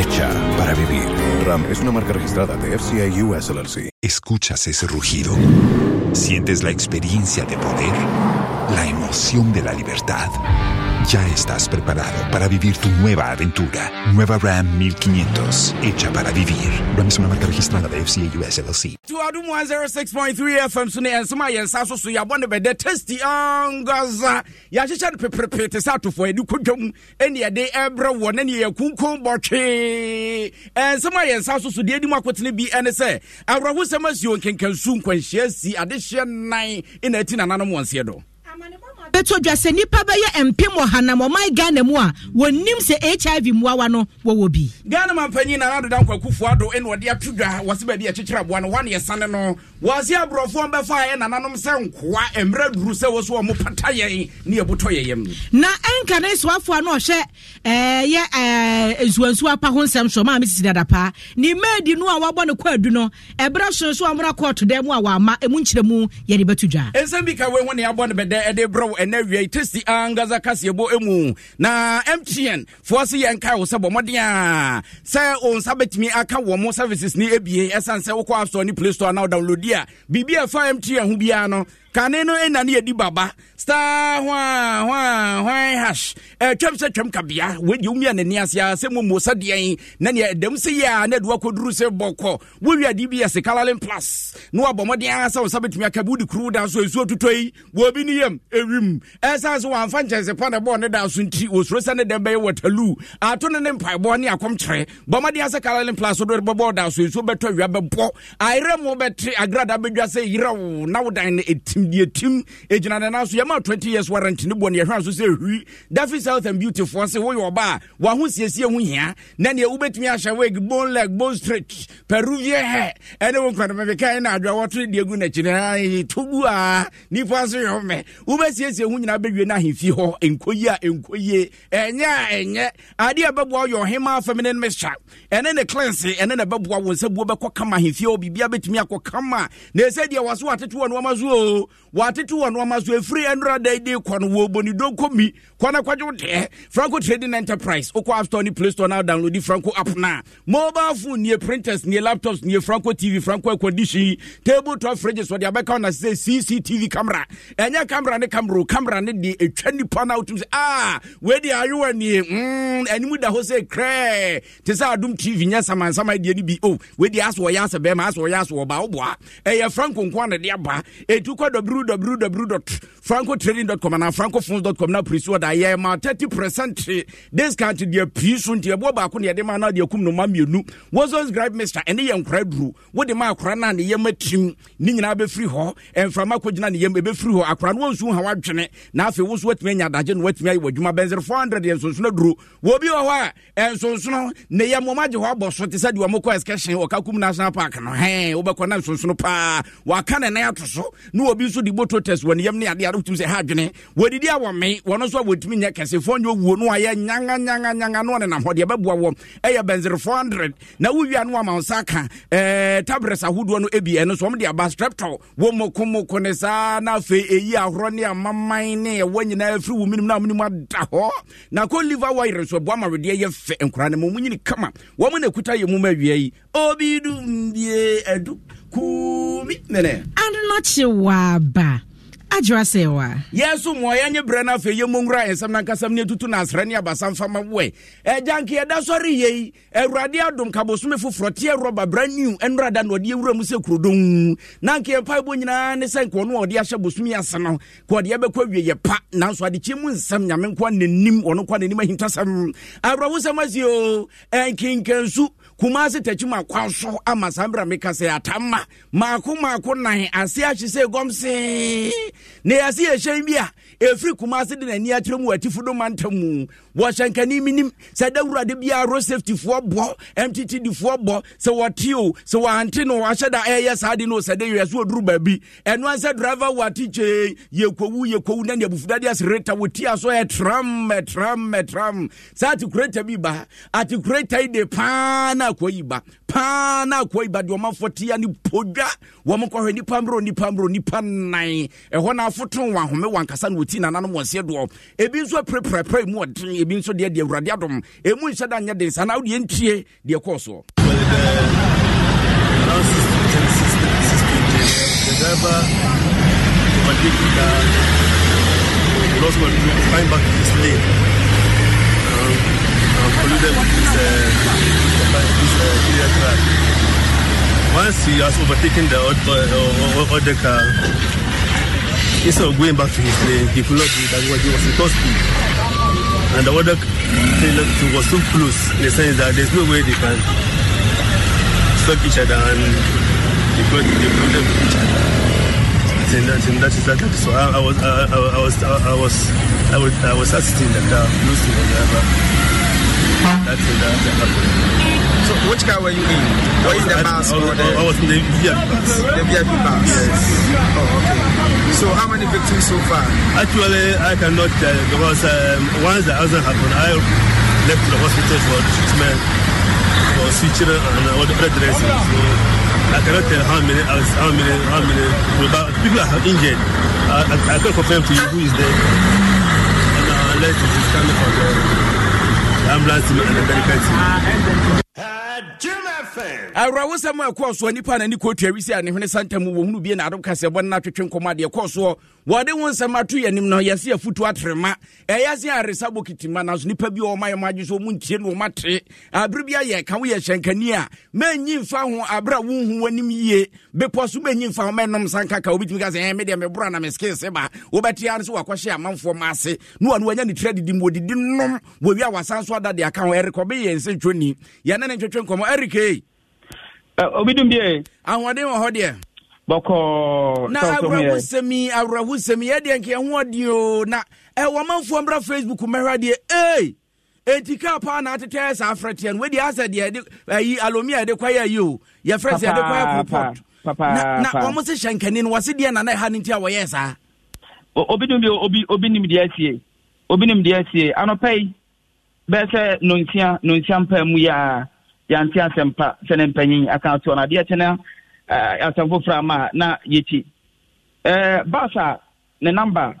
hecha para vivir. Ram es una marca registrada de FCI US LLC. ¿Escuchas ese rugido? ¿Sientes la experiencia de poder? la emoción de la libertad. Ya estás preparado para vivir tu nueva aventura. Nueva Ram 1500, hecha para vivir. Ram es una marca registrada de FCA US LLC. To Adum 106.3 FM, Sune and Suma Yensa, so ya wonder by the testy on Gaza. Ya chicha de pepepe te sato for edu kujum. Eni ya de ebra won, eni ya kunkun boche. And Suma Yensa, so so de edu makwetini bi ene se. Abra hu semas yon kenken sun kwen shie si adeshe nine in etin ananamu ansiedo. how many more? bɛtɔ dwa sɛ nnipa bɛyɛ mpem ɔhanam ɔman ghana mu a wɔnim sɛ hiv mmoawa no wɔwɔ bi ghana ma mpanyin na anadoda nkwakufoɔ ado ɛne wɔde ato dwa wɔse baabi akyekyere aboa no wane yɛsane no wɔase aborɔfoɔ bɛfa a yɛ nananom sɛ nkoa mmerɛ duru sɛ wɔ so ɔmo pata yɛn ne yɛbotɔ yɛyam na ɛnka ne soafoɔ no ɔhyɛ ɛyɛ eh, eh, nsuwansuwa pa ho nsɛm so maa mesisi dada paa ne maadi no a wabɔ ne kɔ adu no ɛberɛ sonso a mmra kɔɔto dɛ mu a wɔama ɛmu nkyerɛ mu yɛde bɛto dwa ɛnsɛm bi ka wei ho ne abɔ ne bɛdɛ ɛde berɛ ɛnɛ wia testi ankasa kaseɛbɔ mu na mtn foɔ so yɛnkae wo sɛ bɔ mmɔden a sɛ wo nsa bɛtumi aka wɔ mo services ne abie ɛsiane sɛ wokɔ app store ne play store na wodownloadi a biribi ɛfa mtn ho biara no kane no ɛna ne yɛdi baba star hwan hwan hash ɛtwam sɛ twam kabea wedi wo mia n'ani ase a sɛ momuo sɛ deɛn na neɛ ɛdam sɛ yɛ a na aduwa kɔduru sɛ bɔkɔ plus na wabɔ mmɔden a sɛ wo sa bɛtumi aka bi wode kuru da so ɛsuo totɔ yi wɔbi ne da so nti ne dɛm bɛyɛ wɔtalu ato ne ne mpaebɔ ne akɔmkyerɛ plus wode bɛbɔɔ da so ɛsuo bɛtɔ awia mo bɛte agrada bɛdwa sɛ na wodan no atimdeɛ tim ɛgyina ne naso yɛma 20 years warrant ne bɔ ne yɛhwɛ so sɛ hwi dafi south and beautyfoɔ se woyɛ ɔba a waho siesie ho hia na neɛ wobɛtumi ahyɛ wig bone leg bone stretch peruvian hair ɛne wo nkranamɛbɛkae na adwa wɔtore deɛ gu n'akyi togu a nipa so yɛ mɛ wobɛsiesie ho nyinaa bɛwie no ahemfie hɔ ɛnkɔyi a ɛnkɔyie ɛnyɛ a ɛnyɛ adeɛ a ɛbɛboa yɛ ɔhema feminine mixture ɛne ne cleanse ɛne ne bɛboa wo sɛ buo bɛkɔ kama ahemfie hɔ biribia bɛtumi akɔ kama na ɛsɛ deɛ wɔ so wɔatete wɔ noɔma so o wɔatete wɔ nnoɔma so ɛfiri ɛnora da de kɔ no wɔbɔne donko mi kɔ na kɔgye wo deɛ franco trading enterprise wokɔ app store ne play store download franco app no a mobile phone nie printers nie laptops nie franco tv franco air table top fridges wɔde abɛka na sɛ cctv camera ɛnyɛ camera ne camera camera ne de ɛtwa nipa no wotum sɛ ah weidi ayewa nie mm, anim da hɔ sɛ krɛ te sɛ adom tv nyɛ samansama deɛ no bi o oh, weidi asɛ wɔyɛ asɛ bɛrima asɛ wɔyɛ asɛ wɔba woboa oh ɛyɛ franco nko a ne de aba ɛtu e kɔdɔ www.francotrading.com and francophones.com na piri so ɔda yɛ ma thirty percent discount deɛ pii so nti ɛboɔ baako ne yɛde ma na deɛ kum no ma mmienu wɔsɔ scribe mr ɛne yɛ nkora What the ma akora na ne yɛm atim ne nyinaa bɛfiri hɔ mframa akɔgyina ne yɛm ɛbɛfiri hɔ akora no wɔnsu ha wadwene na afei wo nso watumi anya adagye no watumi ayɛ w'adwuma bɛnsere four hundred yɛ nsonsono duro wɔbi wɔ And so nsonsono ne yɛ mmɔma gye hɔ abɔ so te sɛ deɛ wɔn kɔ excursion wɔ kakum national park no hɛn wobɛkɔ na nsonsono paa waka ne nan ato so ne wɔbi nso de boto test wɔ ne yam ne adeɛ wotumi sɛ ha adwene wɔdidi a wɔme wɔno nso a wɔtumi nyɛ kɛsefoɔ nyɛ owuo no a yɛ nyanga nyanga nyanga no ɔnenam hɔ deɛ ɛbɛboa wɔ ɛyɛ bɛnsere 400 na wowia no ama wo sa ka eh, tabres ahodoɔ no bi ɛno so ɔmde aba streptol wɔ mokomoko ne saa na afei ɛyi ahorɔ ne amaman ne ɛwɔ nyinaa afiri wo menim na womenim ada hɔ na kɔ liver wire nso ɛboa ma wedeɛ yɛ fɛ nkora no ma mu nyini kama mo na ɛkuta yɛ mu ma awia yi obi mbie adu kumi nene anokye waaba adwoa sɛ wa yɛ so mmoa yɛnye berɛ no afei yɛmmɔnwura a yɛnsɛm nankasɛm ne atutu no asrɛ ne abasa mfama woɛ agyanke yɛda sɔre yei awurade adom kabosome foforɔ te ɛrɔba bra new ɛnora na ɔde awura mu sɛ kurodon na anka yɛmpa nyinaa ne sɛ nka ɔno a ɔde ahyɛ bosome ase no ka ɔde ɛbɛkɔ awie yɛ pa nanso adekye mu nsɛm nyame nkoa nanim ɔno nkoa nanim ahintasɛm awerɛwo sɛm asi o ɛnkenkansu kumase takyima kwa so ama saa berɛ meka sɛ atama maako maako nan ase ahye sɛ gomse ne ase yɛase shen bia a ɛfiri kumase de n'ani atremu mu watifo do manta mu wɔhyɛ minim se da wurade bia ro safety fo bo mtt bɔ fo bo se wati o se wa wɔante no ahyɛ da ɛyɛ saa de no se de yes wo ɔduru ba bi eno ase driver che ye kwu yɛkɔwu yɛkɔwu na neabufudade ase reta aso e tram tram tram sa ti atikureta bi ba ati yi de pa na akɔ yi ba paa na akɔ yi ba deɛ ɔmanfoɔ te ya ne podwa wɔn kɔhwɛ nipa mmerɛ nipa mmerɛ nipa nan ɛhɔ na afoton wɔn ahome wɔn ankasa na wɔti nananom wɔn seɛ doɔ ebi nso apirapirapira emu ɔden ebi nso deɛ deɛ awurade adom emu nhyɛ da nyɛ den saa na awo deɛ ntie deɛ kɔɔ soɔ. Lost my time back to his lane. Um, I'm polluted with his uh, He has overtaken the other car, instead of going back to his lane, he could not do that because he was in top speed. And the other trailer was too close in the sense that there's no way they can stop each other and they got the problem with each other. And that, and that is that. So I, I was, I, I, was, I, I was, I was, I was, sitting in the car losing. to That's that happened. So which car were you in? What in the bus? I, was, I was in the VIP bus. The VIP bus. Yes. Oh, okay. So how many victims so far? Actually, I cannot tell because um, once the accident happened, I left the hospital for treatment for suture and other dressing. So I cannot tell how many, how many, how many people are injured. I, I, I can't confirm to you who is there and, uh, unless it is coming from the ambulance team and the medical team. awurawosa mu a ɛkɔɔ soɔ nnipa a n'ani kɔɔtu awisi a ne hwene santam wɔhunu bie na adom kasɛbɔ no notwetwe nkɔmmɔ adeɛ ɛkɔɔ soɔ wɔde wo nsɛm ato yɛ no yɛse afutu atrema ɛyɛ se aresa bokitima nanso nnipa bi ɔma ah, yɛ magye so ɔmu ntie no abere bi ayɛ ka woyɛ hyɛnkani a manyi mfa ho aberɛ a wonhu w'anim yie bepɔ so manyi mfa ho mɛnom sankaka wobɛtumi ka sɛ ɛ eh, medeɛ mebora na meskee se ba a no so wakɔhyɛ amanfoɔ ma ase na wɔne wanya ne tira didi wɔdidi nom wɔwie a wasan so ada de aka ho ɛrekɔbɛyɛ nsɛntwoni yɛne ne ntwetwe nkɔmmɔ ɛrekei Eh, obi dum bie. ahoɔden wɔ hɔ deɛ. bɔkɔɔ na awerɛhosɛm yi awerɛhosɛm yi ɛdeɛ nka ɛho ɔdeɛ o na ɛwɔ eh, manfoɔ mmra facebook mmɛhwɛ deɛ ee eti kaa paa na atetɛ saa afrɛ teɛ no wadi asɛ deɛ ɛde ayi alomi a yɛde kɔ yɛ ayi o yɛfrɛ sɛ yɛde kɔ yɛ kropɔt na na wɔn se hyɛ nkani no wɔse deɛ nana ɛha ne nti a wɔyɛ saa. obi dum bie obi obi nim deɛ asie obi nim deɛ asie anɔpɛ yi bɛɛ sɛ nonsia nonsia mpaa mu yɛ Y asɛm pa sɛne mpanyin aka to no adeɛ uh, kyɛne asɛm foforɔ ama na yɛkyi uh, bas a ne number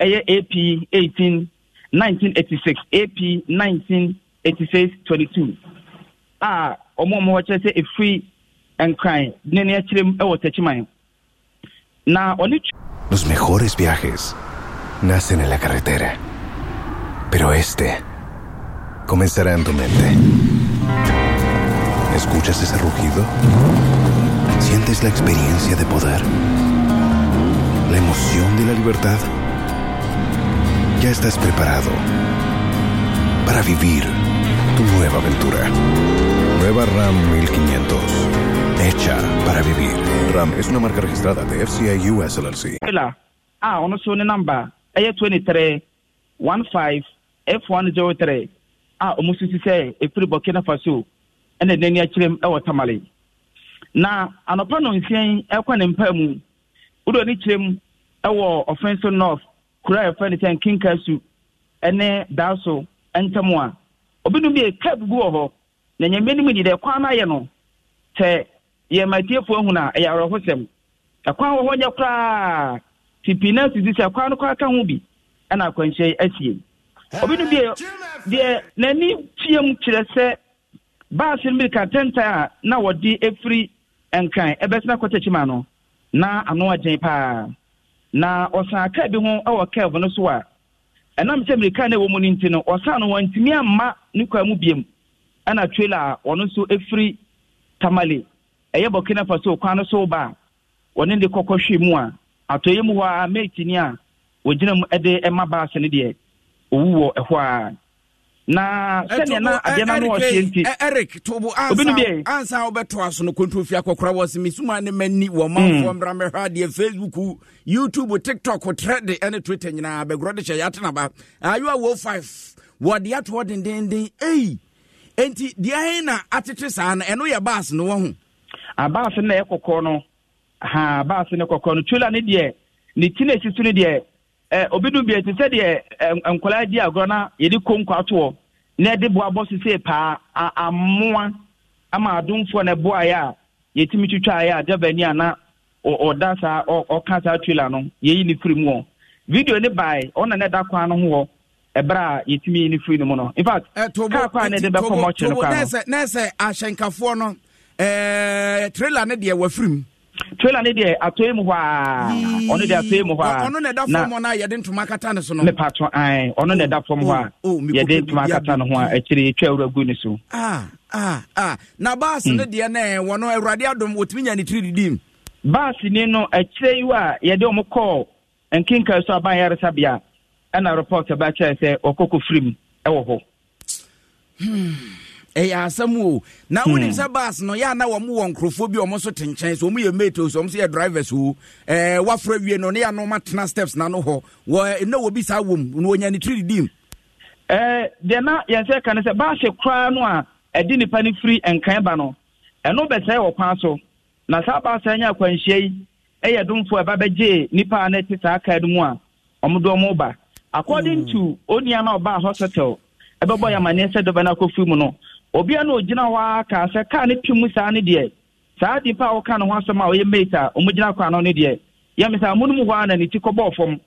ɛyɛ ap 18 1986 ap 198622 a ɔmo ɔmo hɔ kyerɛ sɛ ɛfiri nkran ne ne akyerɛm wɔ tɛkyiman na ɔne Los mejores viajes nacen en la carretera, pero este comenzará en tu mente. ¿Escuchas ese rugido? ¿Sientes la experiencia de poder? ¿La emoción de la libertad? Ya estás preparado para vivir tu nueva aventura. Nueva RAM 1500. Hecha para vivir. RAM es una marca registrada de FCI US LLC. Hola. Ah, uno ah, el number. a 23 15 F103. Ah, omususi se, efiri Burkina ɛna n'ani akyerɛ mu ɛwɔ tamale na anɔpa nonsia ɛkɔ ne mpa mu wodɔ ne kyerɛ mu ɛwɔ ɔfenso north kuro a yɛfrɛ no sɛ nkenkasu ɛne daaso ɛntɛm a Obi obinom bi ka bubu wɔ hɔ na nyame no mu ni dɛ kwan no ayɛ no sɛ yɛmatiefoɔ ahu no a ɛyɛ awerɛhosɛm ɛkwan wɔ hɔ nyɛ koraa nti na susi sɛ kwan no koraa aka ho bi ɛna akwanhyɛ asie obinom bi deɛ n'ani fie fiam kyerɛ sɛ baase no mirika tɛntan a na wɔde efiri nkan ɛbɛsena kɔtɛkyima no na ano agyen paa na ɔsan kaa bi ho ɛwɔ kɛɛbo no so a ɛnam sɛ kaa na ɛwɔ mu no nti no ɔsan no wɔntumi amma ne kwan mu biem ɛna trailer a ɔno nso efiri tamale ɛyɛ burkina faso kwan no so ba a wɔne de kɔkɔ hwɛ mu a atɔyɛ mu hɔ a meeti ni a wɔgyina mu ɛde ɛma baase no deɛ owu wɔ ɛhɔ a na sɛdeɛ na adeɛ na no wɔhyɛ eh, nti eh, eric tobo ansa wobɛtoa so no kɔntofi akɔkora wɔ se mesuma ne mani wɔ mafoɔ hmm. mmra mɛhwɛ adeɛ facebook youtube tiktok trɛde ɛne twitter nyinaa bɛgorɔ de hyɛ yɛatenaba ayoa wo 5 wɔde atoɔ dendenden ei enti deɛ hɛn na atete saa no ɛno yɛ baase no wɔ ho abaase no na ɛyɛ no ha baase no kɔkɔɔ no tula ne deɛ ne ti na so no deɛ obi dum bi eti sɛdeɛ nkwadaa di agorɔ na yɛde ko nkwatoɔ na yɛde boabɔ sese paa amoa ama adomfoɔ na ɛboa yɛ a yɛtumi twitwa yɛ a dabani a na ɔda saa ɔka saa trailer no yɛyi ne firi mu hɔ video ne bae ɔna ne da kwan no ho hɔ ɛberɛ a yɛtumi yi ne firi no mu no in fact kaa kwan ne de bɛkɔ mɔkye no kwan no. nɛsɛ ahyɛnkafoɔ no trailer ne deɛ mu. trailer ne deɛ atɔe mu hɔ a ɔno deɛ ato mu hɔ a na akata mepatɔ an ɔno na ɛda fam hɔ oh, a oh, akata ne ho a akyire twa awura gu ne so na baas hmm. no deɛ no awurade adom wɔtumi nya ne tiri baas ni no akyire yi a yɛde ɔmo so aban yaresabea ɛna report sɛ ɔkɔkɔ firim ɛyɛ asɛm o na wonim hmm. sɛ bus no yɛ na wɔm wɔ nkurɔfoɔ bi ɔmo so te nkyɛn so ɔmo yɛ mate so ɔmo so yɛ drivers o ɛɛ wafra wie no ne yɛ anoma tena steps na no hɔ wɔ na wɔbi saa wɔm na wɔnya ne tiri didim. ɛɛ deɛ na yɛn sɛ kan sɛ baasi koraa no a ɛde nipa ne firi nkan ba no ɛno bɛsɛɛ wɔ kwan so na saa baasi anya akwanhyia yi ɛyɛ domfo ɛba bɛgye nipa a n'ɛte saa kaa no mu a ɔmo do ɔmo ba according hmm. to onua na ɔbaa hospital ɛbɛbɔ yamani sɛ dɔbɛ na akɔfiri mu no obia na ogyina hɔ ara ka sɛ kar ne twi mu saa ne deɛ saa nipa a wɔka ne ho asɛm a ɔyɛ mate a ɔmogyina kwan no ne deɛ yɛme sɛ amonom hɔ a na ne ti kɔbɔɔ fam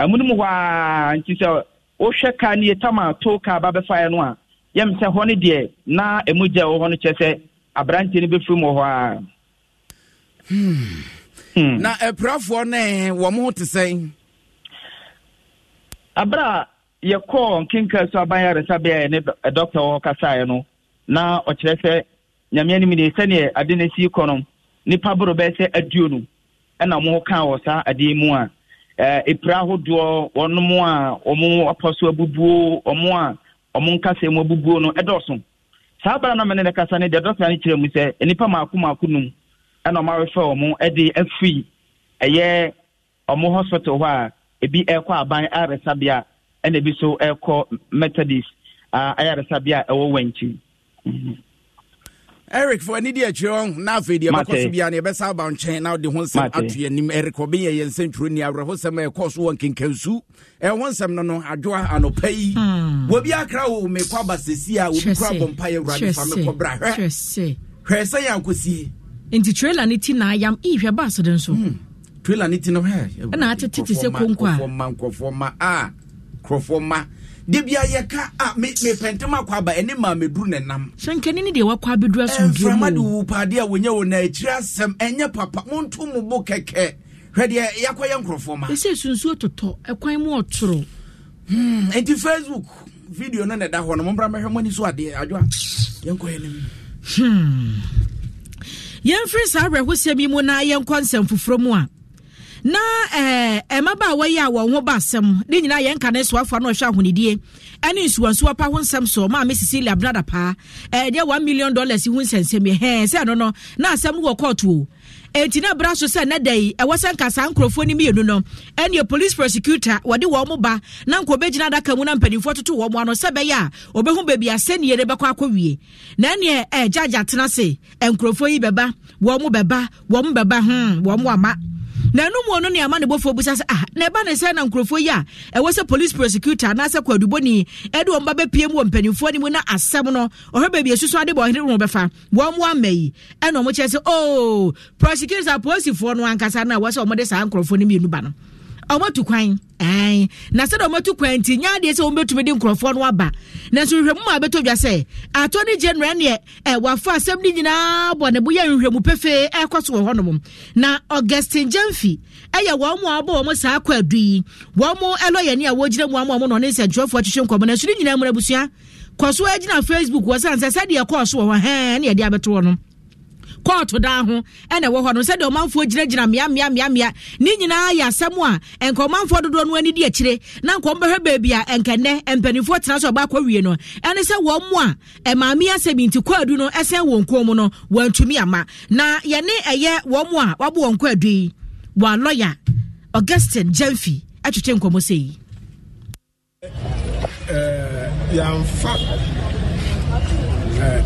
amonom hɔ a nti sɛ wohwɛ kar ne yɛtam a tow kar ba bɛfaeɛ no a yɛme sɛ hɔ ne deɛ na ɛmogya wɔ hɔ no kyerɛ sɛ aberanteɛ no bɛfiri mu wɔ hɔ a hmm. hmm. na apirafoɔ ne wɔ mo ho te sɛn aberɛ yɛkɔɔ nkenka so aban yaresabea ne dɔkta wɔ kasaeɛ no na ɔkyerɛ sɛ nyame anim ne sɛneɛ ade no sii kɔ no nnipa boro bɛyɛ sɛ aduonu ɛna mo kaa wɔ saa adeɛ mu a ɛpira ahodoɔ wɔnom a ɔmo apɔ so abubuo ɔmo a ɔmo nkasa mu abubuo no saa bara no mene ne kasa deɛ dɔkta no kyerɛ mu sɛ nnipa maako maako num ɛna ɛna bi nso ɛrekɔ methodist ayaresabea a ɛwɔ wɛnkyi. Mhm. eric fo ani di akyire ɔn na afei deɛ ɛbɛkɔ so bia ne ɛbɛsa aba nkyɛn na ɔde ho nsɛm ato yɛnim eric ɔbɛyɛ yɛn nsɛntwerɛni awerɛho nsɛm a ɛkɔɔ so wɔ nkenkansu ɛho nsɛm no no adwoa anɔpa yi hmm. wɔbi akra wo mekɔ aba sɛsi a wɔbi kora bɔ mpa yɛ awurade fa mekɔbra hwɛ hwɛ sɛ yɛ akɔsie nti trailer ne ti na ayam ihwɛ baasode nso hmm. trailer ne ti no hɛ ɛna atete te sɛ konko a nkɔfoɔ ma nkɔfoɔ ma a nkurɔfoɔ ma debia yɛka a mepɛntɛm akɔ aba ɛne maa meduru ne nam sɛnkani ni deɛ wakɔ abɛdura somdmframa de wu paade a wɔnyɛ wɔ na akyiri asɛm ɛnyɛ papa monto mo bo kɛkɛ hwɛ deɛ yɛakɔyɛ nkurɔfoɔ ma ɛsɛ sunsuo totɔ ɛkwan mu ɔtoro enti hmm, facebook video no na ɛda hɔ no mombra mɛhwɛ mɔni so adeɛ adwoa yɛnkɔyɛ no mu hmm. yɛmfiri saa awerɛhosiɛm yi mu na yɛnkɔ nsɛm foforɔ mu a na mmaba eh, eh, yi a wɔn ho ba asɛm ne nyinaa yɛn nkane ne soafoa no ɔhwɛ ahonidie ɛne nsuwansuwa pa ho nsɛm so eh, ɛdeɛ one million dollars nsɛnsɛm yɛ hɛn sɛ ɛno no na asɛm no wɔ kɔɔto o eti na bra so sɛ ne da no mmienu no ɛneɛ police prosecutor wɔde na nkobe obɛgyina adaka na mpanyinfo toto ano baabi de na tena se na ɛno mu ɔno ne ama ne bɔfoɔ busa sɛ ah na ɛba ne sɛ na nkurɔfoɔ yi a ɛwɔ sɛ police prosecutor anaasɛ kwadubɔni ɛde wɔn ba bɛpie mu wɔ mpanimfoɔ no mu na asɛm no ɔhwɛ baabi asusu ade bɔ ɔhene wo bɛfa wɔn mu ama yi ɛna ɔmo kyerɛ sɛ oo oh, prosecutor polisifoɔ no ankasa no a wɔsɛ ɔmo de saa nkurɔfoɔ no mmienu ba no ɔmatu kwan ɛn na sɛ ɔmatu kwan nti nya adeɛ sɛ wɔbɛtumi de nkurɔfoɔ no aba nanso nhwɛmu ma abɛtɔ dwa sɛ atɔne general neɛ ɛ wafa asɛm no nyinaa bɔ ne bo yɛ nhwɛmu pefee ɛkɔ so wɔ hɔnom na augustin gyamfi ɛyɛ wɔn mu a wɔbɔ wɔn saa akɔ adu yi wɔn mu ɛlɔyɛni a wɔgyina mu ama wɔn na ɔne nsɛntwerɛfoɔ ahyehyɛ nkɔmɔ na ɛso no nyinaa mu no abusua kɔ so agyina facebook wɔ sɛ ansɛ sɛdeɛ ɛkɔɔ so wɔ hɔ hɛn ne yɛde abɛto hɔ no kɔɔto daa ho ɛna ɛwɔ hɔ no sɛdeɛ ɔmanfoɔ gyinagyina mmeammeammeammea ne nyinaa yɛ asɛm a ɛnka ɔmanfoɔ dodoɔ no ani di akyire na nka ɔmbɛhwɛ baabi a ɛnkɛnnɛ mpanimfoɔ tena sɛ ɔbaakɔ wie no ɛne sɛ wɔn mu a ɛmaame asɛm nti kwaadu no ɛsɛn wɔn kɔn mu no wɔantumi ama na yɛne ɛyɛ wɔn mu a wɔabɔ wɔn kwaadu yi wɔn lɔya augustin jemfi atwitwe nkɔmɔ sɛ yi. yɛamfa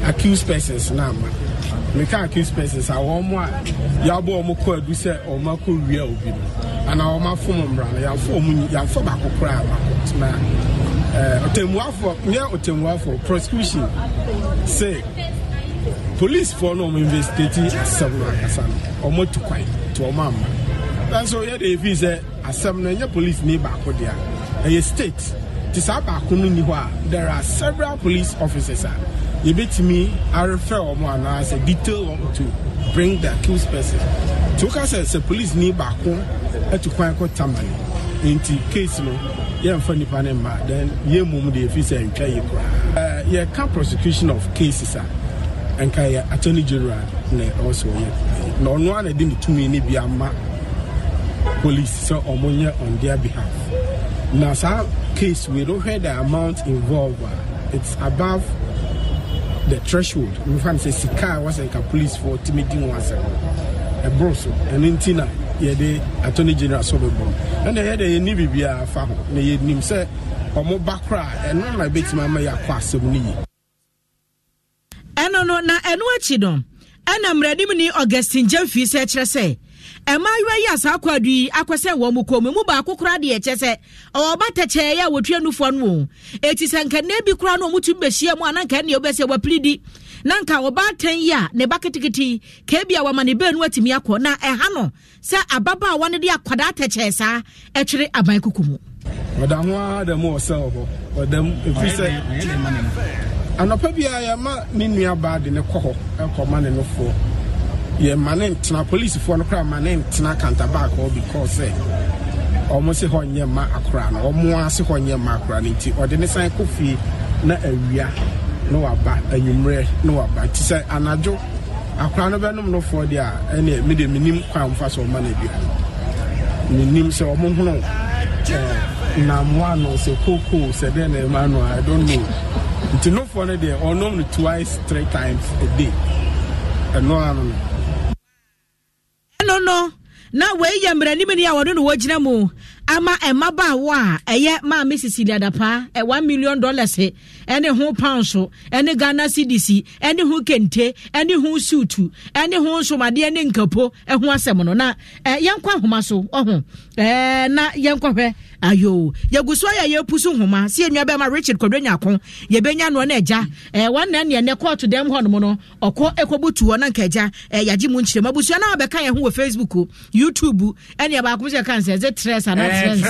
accused persons no ama meka accuse persons a wɔn mo a yɛabɔ wɔn kɔ adu sɛ wɔn akɔ wia obi no anaa wɔn afom mmra no yɛafɔ wɔn yɛafɔ baako koraa baako tena ɛɛ ɔtɛmuafo nyɛ ɔtɛmuafo prosecution say polisifoɔ no wɔn investigate asɛm no akasa no wɔn atu kwan to wɔn ama nanso yɛde efi sɛ asɛm no nyɛ polisi ni baako deɛ ɛyɛ state te saa baako no ni hɔ a there are several police officers a yɛbɛtumi arefɛ wɔn anaasɛ detail wɔn to bring the accused person to ka sɛ sɛ police ni baako ɛtu kwan kɔ tamale nti case no yɛmfa nipa ne mma then yɛn mu de efi sɛ ntwa yɛ koraa ɛɛ yɛka prosecution of cases a nka yɛ attorney general na ɔsɛ ɔyɛ na ɔno ara na de ne tumi ne bi ama police sɛ ɔmo nyɛ on their behalf na saa case we no hear the amount involved it's above the threshold nfa no sɛ sika a wasɛ nka policefoɔ tumi di ho asɛm ɛboro so ɛno nti na yɛde attorney general so bɛboro ɛna yɛde yɛni biribiara fa ho na yɛnim sɛ ɔmo ba kora ɛno na ɛbɛtumi ama yɛakɔ asɛm no yi ɛno no na ɛno akyi no ɛna mmerɛnim ni augustin gyamfii sɛ kyerɛ sɛ mmaayewa yi asa akɔadu yi akɔ wɔn mu kɔn mu mu baako koraa deɛ kyɛ sɛ ɔwɔ ba tɛkyɛɛ yɛ a wɔtua nufoɔ no o eti sɛ nkɛnɛ bi koraa no wɔn tu bɛhyia mu a na nkɛnɛ yɛ wɔbɛsɛ wɔpili di na nka yi a ne ba kitikiti keebi a wɔma ne beenu atumi akɔ na ɛha no sɛ ababaawa no de akwadaa tɛkyɛɛ saa ɛtwere aban kuku mu. ɔda ho ara dɛm ɔsɛ hɔ ɔdam efi sɛ anɔpa bi a yɛma ne nua baa de ne kɔ hɔ ɛkɔ ma ne nofoɔ yɛ ma ne ntena polisifoɔ no koraa ma ne ntena kantabak hɔ because sɛ eh, ɔmo se hɔ nyɛ ma akora no ɔmo ase hɔ nyɛ ma akora no nti ɔde ne san kɔ fie na awia na waba anwummerɛ na waba nti sɛ anadwo akora no bɛnom no foɔ deɛ a ɛne de menim kwan mfa so ɔma no bi menim sɛ ɔmo hono eh, namoa no sɛ kokoo sɛ dɛn na ɛma no a i don't nti nofoɔ no deɛ ɔnom no twice three times a day ɛno ano no no no na wei yɛ mmerɛnim ni a wɔde no wɔgyina mu ama mmabaawa a ɛyɛ maame cecilia dapaa ɛ one million dollars ɛne ho pound so ɛne ghana cdc ɛne ho kente ɛne ho suutu ɛne ho nsomadeɛ ne nkapo ɛho asɛm no na ɛ yɛnkɔ ahoma so ɔho ɛɛ na yɛnkɔhwɛ ayo yɛgu so ayɛ yɛpu so homa sɛ yɛnua bɛma richard kwadwa nyako yɛbɛnya noɔ no agya wana neɛ nɛ kɔɔto dɛm hɔ nom no ɔkɔ ɛkɔbɔtu hɔ na nka agya yɛagye mu nkyerɛm abusua no a yɛ ho wɔ facebook youtube ɛneɛ baako sɛ ka nsɛ ɛdze trɛs anaa trɛs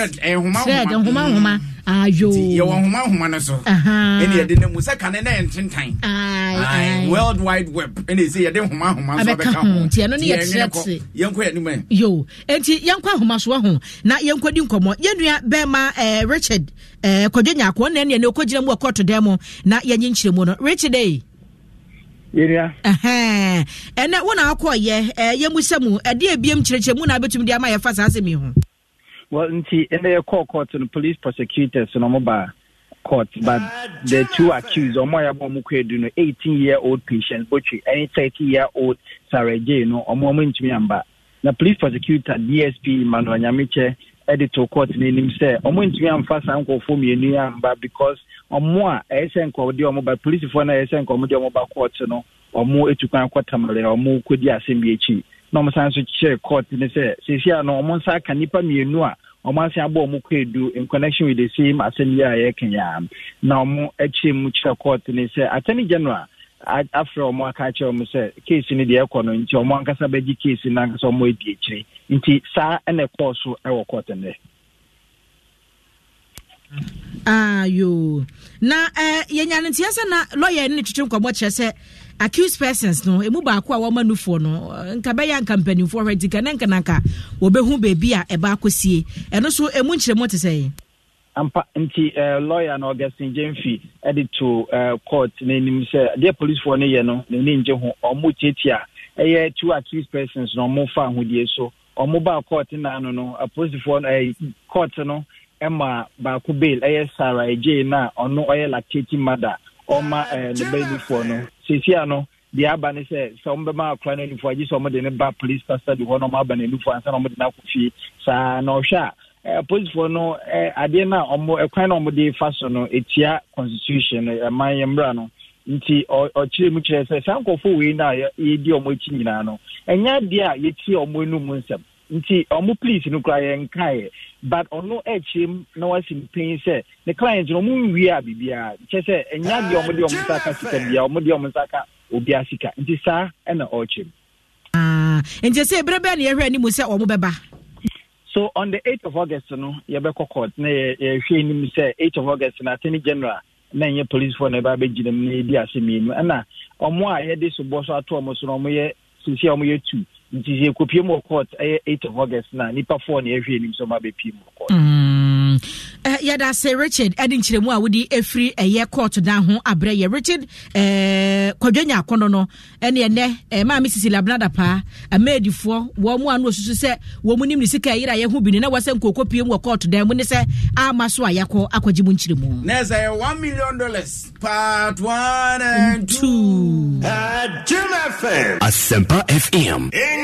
Ayo! yɛwɔ ahoma ahoma no so ɛne yɛde no mu sɛ kane na ɛntentan world wide web ɛne ɛsɛ yɛde nhoma ahoma so abɛka ho tiɛno ne yɛkyerɛkyerɛ yɛnkɔ yɛnim ɛ yo enti yɛnkɔ ahomasoɔ ho na yɛnkɔdi nkɔmmɔ yɛnua bɛma eh, richard eh, kɔdwe nyaakoɔ na ɛneɛ ne ɔkɔgyina mu ɔkɔto dan mu na yɛnye nkyerɛmu no richard ei eh? yɛnua ɛnɛ wo na akɔɔyɛ eh, yɛmu sɛ mu ɛdeɛ biam kyerɛkyerɛ mu na wobɛtumi de ama yɛfa saa asɛm yi ho well nti ɛnna yɛ kɔɔ court no police prosecutors na ɔmo ba court but the two accused ɔmo a yɛabɔ ɔmo edu no eighteen year old patient botwe ɛne thirty year old sarajay no ɔmo ɔmo ntumi amba na police prosecutor dsp emmanuel nyamikyɛ ɛde to court n'anim sɛ ɔmo ntumi amfa saa nkɔfoɔ mmienu amba because ɔmo a ɛyɛ sɛ nkɔmde ɔmo ba polisifoɔ no a ɛyɛ sɛ nkɔmde ɔmo ba court no ɔmo etu kwan kɔ tamale ɔmo kɔdi asɛm bi akyi na ɔmo san kyerɛ court ne sɛ sesi a no ɔmo nsa aka nnipa mmienu a ɔmo asan abɔ ɔmo kɔ edu in connection with the same asɛm a yɛka yɛ na ɔmo akyerɛ mu kyerɛ court ne sɛ attorney general afrɛ ɔmo aka akyerɛ ɔmo sɛ case no deɛ ɛkɔ no nti ɔmo ankasa bɛgye case no ankasa ɔmo adi akyire nti saa ɛna ɛkɔɔ so ɛwɔ court nnɛ. ayo na ɛɛ eh, yɛnyanitiɛ sɛ na lɔya ne twitwi nkɔmɔ kyerɛ sɛ. accused persons no emu baako a wɔma nufoɔ no nka bɛyɛ nka mpanimfoɔ hwɛ nti kɛnɛ nkanaka wɔbɛhu beebi a ɛba akɔsie ɛno so emu nkyerɛmu te sɛ. ampa nti uh, lawyer na augustin jemfi de to uh, court sɛ deɛ polisifoɔ no yɛ no ngye ho ɔmo tietia ɛyɛ two accused persons na ɔmo fa ahodie so ɔmo baa court naano no apolisifoɔ no court no baako bail ɛyɛ sara na ɔno ɔyɛ lactating Ọma ah, eh, ne bailifoɔ no sesia no deɛ aba ne sɛ sɛ ɔmbɛma akora no anifoɔ agye sɛ ba hɔ na ɔmaaba no anifoɔ ansa na ɔmde fie saa na ɔhwɛ a eh, polisifoɔ no eh, adeɛ no a na fa so no constitution ɛman yɛ mmra no nti ɔkyerɛ mu kyerɛ sɛ saa wei no a yɛdi ɔmo akyi nyinaa no ɛnyɛ adeɛ a yɛtie ɔmo nti ɔmo please no kura yɛn nkaeɛ but ɔno ɛkyerɛ mu na wasi mpɛn sɛ ne client no ɔmo nwie a biribiara kyɛ sɛ ɛnya deɛ ɔmo de ɔmo nsa ka sika biara ɔmo de ɔmo nsa ka obiara sika nti saa ɛna ɔrekyerɛ mu. Ah, nti sɛ ebere bɛɛ na yɛhwɛ anim sɛ ɔmo bɛba. so on the eight of august no yɛbɛkɔ court na yɛhwɛ anim sɛ eight of august na attorney general na nyɛ policefoɔ na ɛba abɛgyina mu na yɛdi asɛm yɛ mu ɛna ɔmo a yɛde sobɔ so ato ɔmo so na ɔmo yɛ nti sɛ ɛkɔpie mu court ɛyɛ eight of august na nipa foɔ ne ɛhwɛ anim sɛ ɔmabɛpie mu wɔ court mm. eh, yɛda sɛ richard ɛde nkyerɛmu a wode ɛfiri ɛyɛ eh, court da ho abrɛ yɛ richard eh, kwadwanya akɔnɔ no ɛne ɛnɛ maa me sisi labrada paa amaadifoɔ wɔ mu a no ɔsusu sɛ wɔ mu nim ne sika ɛyerɛ a yɛho bi na wɔsɛ nkɔkɔ pie mu wɔ court dan mu ne sɛ ama so a yɛkɔ akɔgye mu nkyerɛmu na ɛsɛ yɛ million dollars part 1 and 2 at jim fm asɛmpa fm In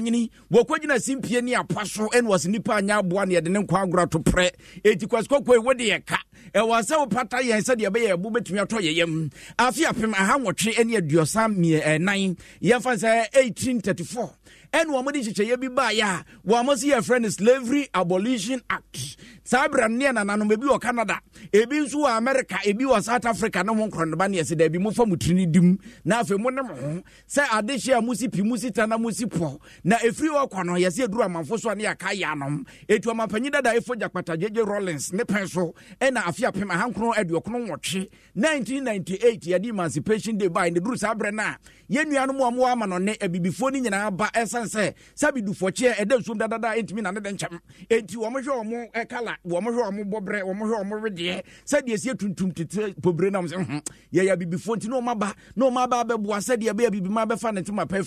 ɔhene wɔkɔ gyina simpie ne apa so ɛne wɔse nnipa anyɛ aboa ne yɛde ne nkwa agorɔ to prɛ ɛti kwasikɔkɔi wode yɛka ɛwɔ sɛ wopata yɛn sɛdeɛ ɛbɛyɛ ɛbo bɛtumi atɔ yɛyam afe apem aha nwɔtwe ne aduɔsa mmiɛ ɛnan yɛmfa sɛ 1834 ɛne wɔmode kyekyɛeɛ bi baeɛ a wɔmo so yɛfrɛ no slavery abolition act saa berɛ no neɛ nananom ebi wɔ canada ebi nso wɔ america ebi wɔ south africa ne ho nkorɔnoba ne yɛsɛ daabi mofa mo tiri no dim na afei mo ne mo ho sɛ adehye a mosi pi mosi ta na mosi pɔ na ɛfiri hɔ kɔ no yɛsɛ ɛduru amanfo so a ne yɛka yɛ anom ɛtu amanpanyi dada ɛfo gyakpata gyegye rollins ne pɛn so ɛna afe apem ahankron aduɔkron wɔtwe 1998 yɛde emancipation day bae ne duru saa berɛ no a yɛnnuanom a mowɔ ama no ne abibifoɔ no nyinaa ba ɛsa ɛsiane sɛ sabi dufɔkyeɛ ɛda nsuom dadada ɛntumi nane dɛ nkyɛm ɛnti wɔmohwɛ ɔmo ɛkala eh, wɔmohwɛ ɔmo bɔberɛ wɔmohwɛ ɔmo wedeɛ sɛdeɛ ɛsiɛ tuntum tete pobre nam sɛ hm yɛyɛ abibifoɔ nti na ɔmaba na ɔmaba abɛboa sɛdeɛ ɛbɛyɛ abibi ma bɛfa ne ntom apɛ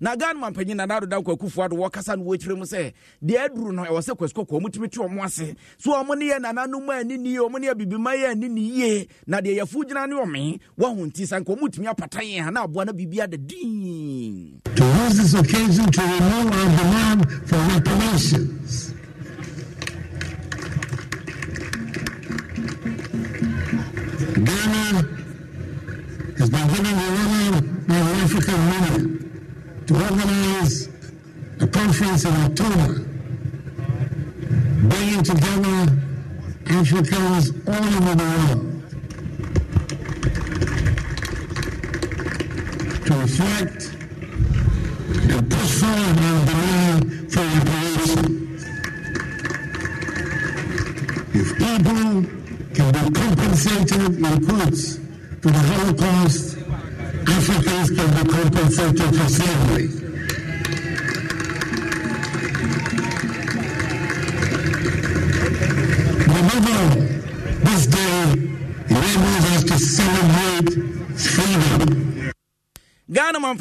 na ghana mampanyin nana adoda kwakufoɔ ado wɔkasa no wɔkyerɛ mu sɛ deɛ aduru no ɛwɔ sɛ kwasikɔkɔɔ mutumi use this occasion to renew our demand for reparations. Ghana has been given the by the African Union to organize a conference in October, bringing together Africans all over the world.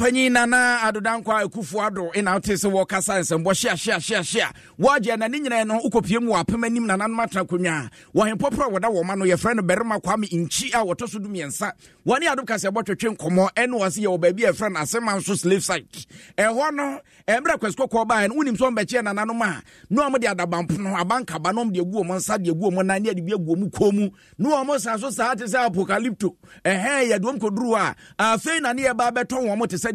ɔpanyin nana adodankwa akufo ado ɛna eh, wote sɛ wɔkasa nsɛmbɔ hyeahyeahyeahyea wɔagye na ne nyinaa no wokɔpie mu wɔapem anim nananom atena akonnwa a wɔhempɔporɔ a wɔda wɔ ma no yɛfrɛ no bɛrima kwame nkyi a wɔtɔ so dumiɛnsa wɔne adom kasɛbɔ twetwe nkɔmmɔ ɛne wɔ se yɛwɔ baabi a ɛfrɛ no asɛma nso slave site ɛhɔ no ɛmmerɛ kwasikɔkɔɔ baɛ no wonim sɛ ɔmbɛkyeɛ nananom a na ɔmde adabampo abankaba no ɔmde aguo mu nsa de aguo mu na ne adebi aguo mu kɔn mu na ɔmo sa so saa te sɛ apokalypto ɛhɛn yɛde ɔm kɔduru a afei na ne yɛba bɛtɔ wɔn mo te sɛ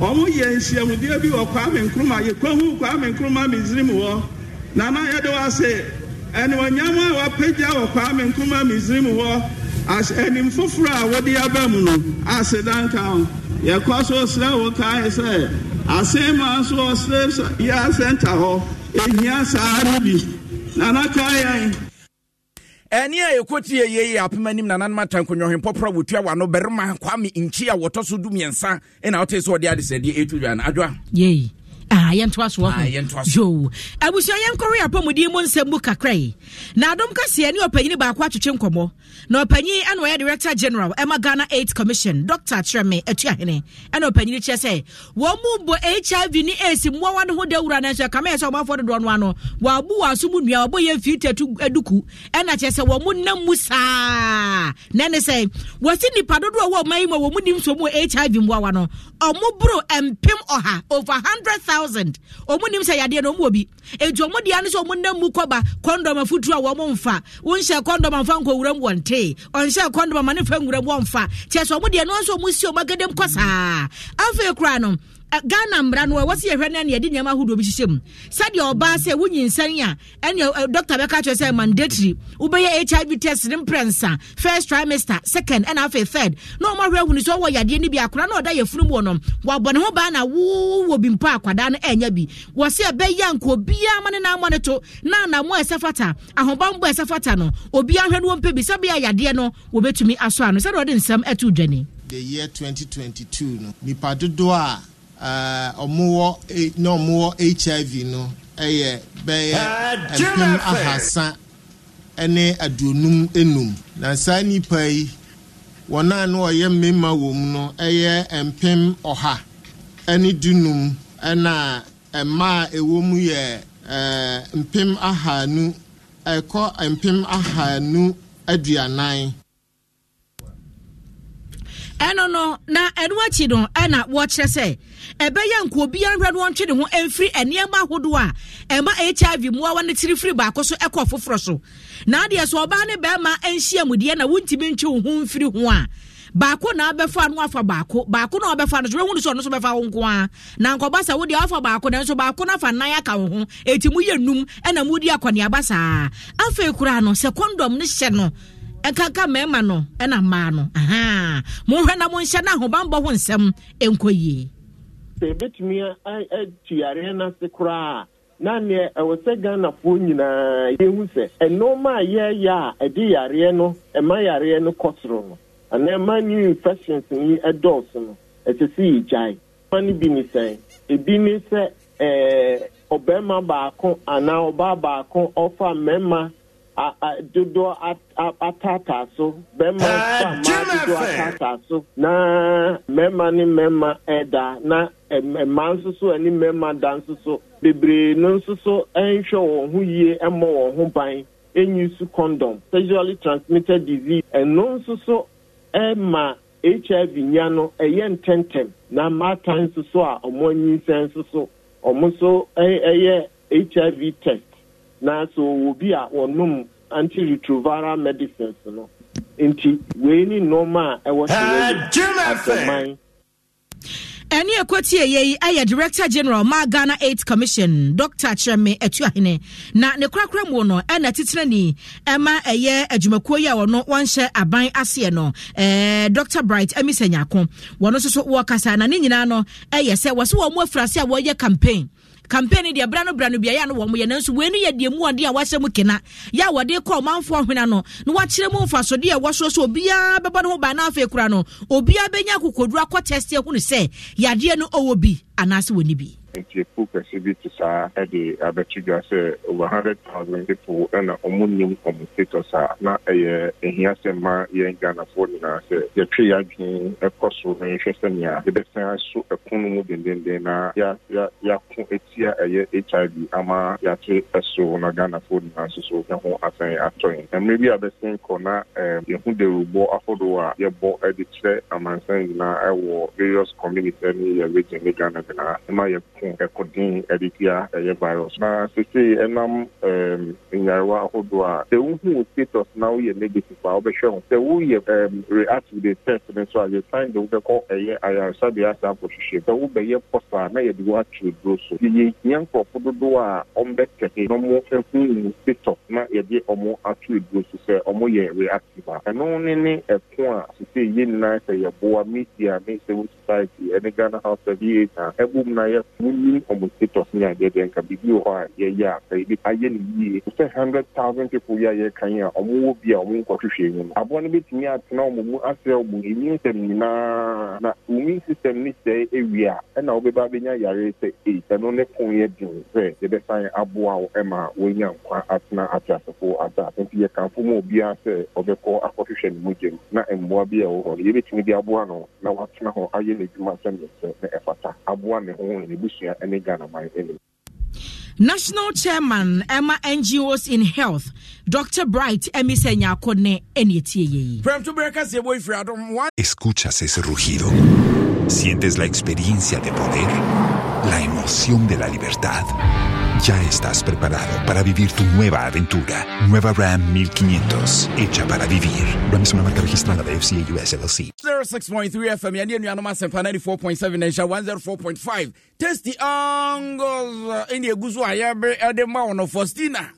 ɔmo yɛ nhyiamudeɛ bi wɔ kwame nkrumah yɛkwahu kwame nkrumah misiri mu hɔ nana yɛde wa se ɛnuonyam a wapagya wɔ kwame nkrumah misiri mu hɔ anim foforɔ a wɔde aba mu no ase so sɛ so ɔsrɛ yɛ asɛnta hɔ ehia saa ara bi nana yɛn. ɛne a yɛkɔ tie yei apem anim nananom atankonnwɔhwe mpɔporɔ wɔtua wano bɛrema kwame nkyi a wɔtɔ so du mmiɛnsa ɛna wote sɛ ɔde ade sɛdeɛ ɛtu dwa no adwoa Ah, yɛntoa so hyo ah, abusua yɛnkɔre apɔmuden mu nsɛm mu kakra yi na adom kaseɛ ne ɔpanyini baako atwetwe nkɔmmɔ na ɔpanyin ɛna ɔyɛ director general ɛma ghana aid commission dr kyerɛme atuahene ɛna ɔpanyini kyerɛ sɛ wɔn mu bɔ hiv ne aids mmoawa no ho da wura nanso ɛkame yɛ sɛ ɔmanfoɔ dodoɔ no ano wɔabu wɔ aso mu nnua wɔbɔ yɛ mfiri tatu aduku eh, ɛna kyerɛ sɛ wɔn mu nam mu saa na ɛne sɛ wɔsi nnipa dodoɔ wɔ ɔman yi mu a wɔn mu nim so mu hiv mmoawa no ɔmo boro mpem ɔha over hundred thousand thousand ɔmu nim sɛ yadeɛ no ɔmu wɔ bi etu ɔmu deɛ no sɛ ɔmu nam mu kɔba kɔndɔm afutuo a wɔn mfa wɔnhyɛ kɔndɔm afa nkɔwuram wɔn te ɔnhyɛ kɔndɔm ama ne fa nwuram kyɛ sɛ ɔmu deɛ no ɔmu si ɔmu akadam kɔ afei kura no. Eh, ghana mmara no ɛwɔ sɛ yɛhwɛ no ne yɛde nneɛma ahodoɔ bi hyehyɛ mu sɛdeɛ ɔbaa sɛ wonyinsɛn a ɛne eh, doctor bɛka kyerɛ sɛ mandatory wobɛyɛ hiv test ne mprɛnsa first trimester second ɛna afei third na ɔma hwɛ ahunu sɛ ɔwɔ yadeɛ no bi akora na ɔda yɛfunu mu no wɔabɔ ne ho baa na wowɔ bi mpo akwadaa no ɛnyɛ bi wɔ sɛ ɛbɛyɛ anka obiaa ma ne na mmɔ ne to na anamɔ ɛsɛ fata ahobanbɔ ɛsɛ fata no obiaa hwɛ no wɔmpɛ bi sɛbɛyɛ yadeɛ no wɔbɛtumi asɔ ano sɛdeɛ ɔde nsɛm ɛto dwane the year 2022 no nipa dodoɔ a Eh, ọmụwọ eh, na ọmụwọ hiv no yɛ bɛyɛ mpem ahasa ne aduonum enum na saa nipa yi wɔn a no ɔyɛ mmarima wɔ mu no yɛ mpem ɔha dunum na mmaa ɛwɔ mu yɛ eh, mpem ahanu ɛkɔ mpem ahanu aduanan. ɛno no na ɛno akyi no ɛna wɔkyerɛ sɛ ɛbɛyɛ nka obi anhwɛ no ɔntwe ne ho ɛmfiri nneɛma ahodoɔ a ɛma hiv mmoawa no tiri firi baako so ɛkɔ foforɔ so na adeɛ so ɔbaa ne bɛrima nhyia mu deɛ na wontumi ntwe wo ho mfiri ho a baako na abɛfa no afa baako baako na ɔbɛfa no so bɛhunu sɛ ɔno so bɛfa wo nko ara na nkɔba sa wodeɛ wafa baako nanso baako no afa nan aka wo ho eti mu yɛ num ɛna mu di akɔneaba saa afei koraa no sɛ kɔndɔm no hyɛ no ɛkaka mmarima no ɛna mmaa no mohwɛ na monhyɛ no ahobanbɔ ho nsɛm ɛnkɔ yie sɛ yɛbɛtumi atu no ase koraa na neɛ ɛwɔ sɛ ghanafoɔ nyinaa yɛhu sɛ ɛnoɔma a yɛyɛ a ɛde yareɛ no ɛma yareɛ no kɔ no anaa ɛma new infections yi ɛdɔɔso no ɛsɛ sɛ yɛgyae ma no bi ne sɛn ebi ne sɛ ɔbarima baako anaa ɔbaa baako ɔfa mmarima dodoɔ ataataa so bɛrima faama eh, dodoɔ ataataa so na mmarima ne mmarima ɛda na e, e, mmaa nso so e, ne mmarima da nso so bebree no nso so nhwɛ wɔn ho yie mmɔ wɔn ho ban enyi su condom sexually transmitted disease ɛno nso so ɛma hiv nya no ɛyɛ ntɛntɛm na mmaatan nso so a wɔn anyinsɛn nso so wɔn nso ɛyɛ hiv test nanso wɔ bi a wɔnom antiretroviral medicines no nti wei ne nneɛma a ɛwɔ hyɛn ɛne ɛkɔtie yɛ ɛyɛ director general ma ghana aid commission dr kyerɛme atuahene na ne korakora mu no ɛna titire ni ɛma ɛyɛ adwumakuo yi a wɔno wɔnhyɛ aban aseɛ no ɛɛ dr bright ɛmi sɛ nyako wɔn nso so wɔkasa na ne nyinaa no ɛyɛ sɛ wɔso wɔn mu afurasi a wɔyɛ campaign campaign deɛ bra no bra no biayɛ no wɔm nanso wei no yɛ deɛ mu ɔde a wahyɛ mu kena yɛ a wɔde kɔ ɔmanfoɔ hwena no na wakyerɛ mu mfasodeɛ a wɔsoɔ sɛ obiaa bɛbɔ no ho baa na afei kora no obiaa bɛnya akokodura kɔ testi hu no sɛ yadeɛ no ɔwɔ bi anaasɛ wɔ ni bi nti efu kɛse bi te saa ɛde abɛkyi sɛ over hundred thousand people ɛna ɔmo nim ɔmo status a na ɛyɛ ehia sɛ ma yɛn ghanafoɔ nyinaa sɛ yɛtwe yɛ adwene ɛkɔ so na yɛhwɛ sɛnea yɛbɛsan so ɛko no mu dendenden na yɛako etia ɛyɛ hiv ama yɛate ɛso na ghanafoɔ nyinaa nso so ɛho asɛn atɔn mmerɛ bi a bɛsɛn kɔ na ɛɛm yɛho derubɔ ahodoɔ a yɛbɔ ɛde kyerɛ amansan nyinaa ɛwɔ various community ne yɛ region ne ghana nyinaa ɛma yɛ nineteen ɛkɔden ɛde tia ɛyɛ virus na sese ɛnam ɛɛm nyarewa ahodoɔ a sɛ wohu status na woyɛ negative a wobɛhwɛ ho sɛ woyɛ react with the test no nso a yɛsan de wobɛkɔ ɛyɛ ayaresabea asa akɔhwehwɛ sɛ wobɛyɛ pɔsa na yɛde woatwe duro so yɛyɛhia nkurɔfo dodoɔ a ɔmbɛtɛhe na ɔmo ɛhu status na yɛde ɔmo atwe duro so sɛ ɔmo yɛ reactive a ɛno ne ne ɛko a sese yɛ nyinaa sɛ yɛboa media ne civil society ɛne ghana house of va a ɛbom na yɛ munyini homosators ne adeɛdeɛ nka biribi wɔ hɔ a yɛyɛ a sɛ yɛde ayɛ no yie sɛ hundred thousand people yi a yɛkan a ɔmowɔ bi a ɔmo nkɔhwehwɛ mu no aboa no bɛtumi atena ɔmo mu asɛ ɔmo immune system nyinaa na immune system ne sɛe ewie a ɛna wobɛba bɛnya yare sɛ ei ɛno ne pon yɛ den sɛ yɛbɛsan aboa wo ɛma woanya nkwa atena ateasefoɔ asase nti yɛkamfo ma obiara sɛ ɔbɛkɔ akɔhwehwɛ ne mogya mu na mmoa bi a ɛwɔ hɔ no yɛbɛtumi de aboa no na watena hɔ ayɛ n'adwuma sɛneɛ sɛ ne ɛfata aboa ne ho ne busu abusua ne anim national chairman ɛma ngos in health dr bright emisa ñakone e e. escuchas ese rugido sientes la experiencia de poder la emoción de la libertad ya estás preparado para vivir tu nueva aventura. Nueva Ram 1500, hecha para vivir. Ram es una marca registrada de FCA US LLC. 06.3 FM, yani enu anoma sempa 4.7 nensha 104.5. Tasty angles, eni eh, eguzu ayabe, edema ono Faustina.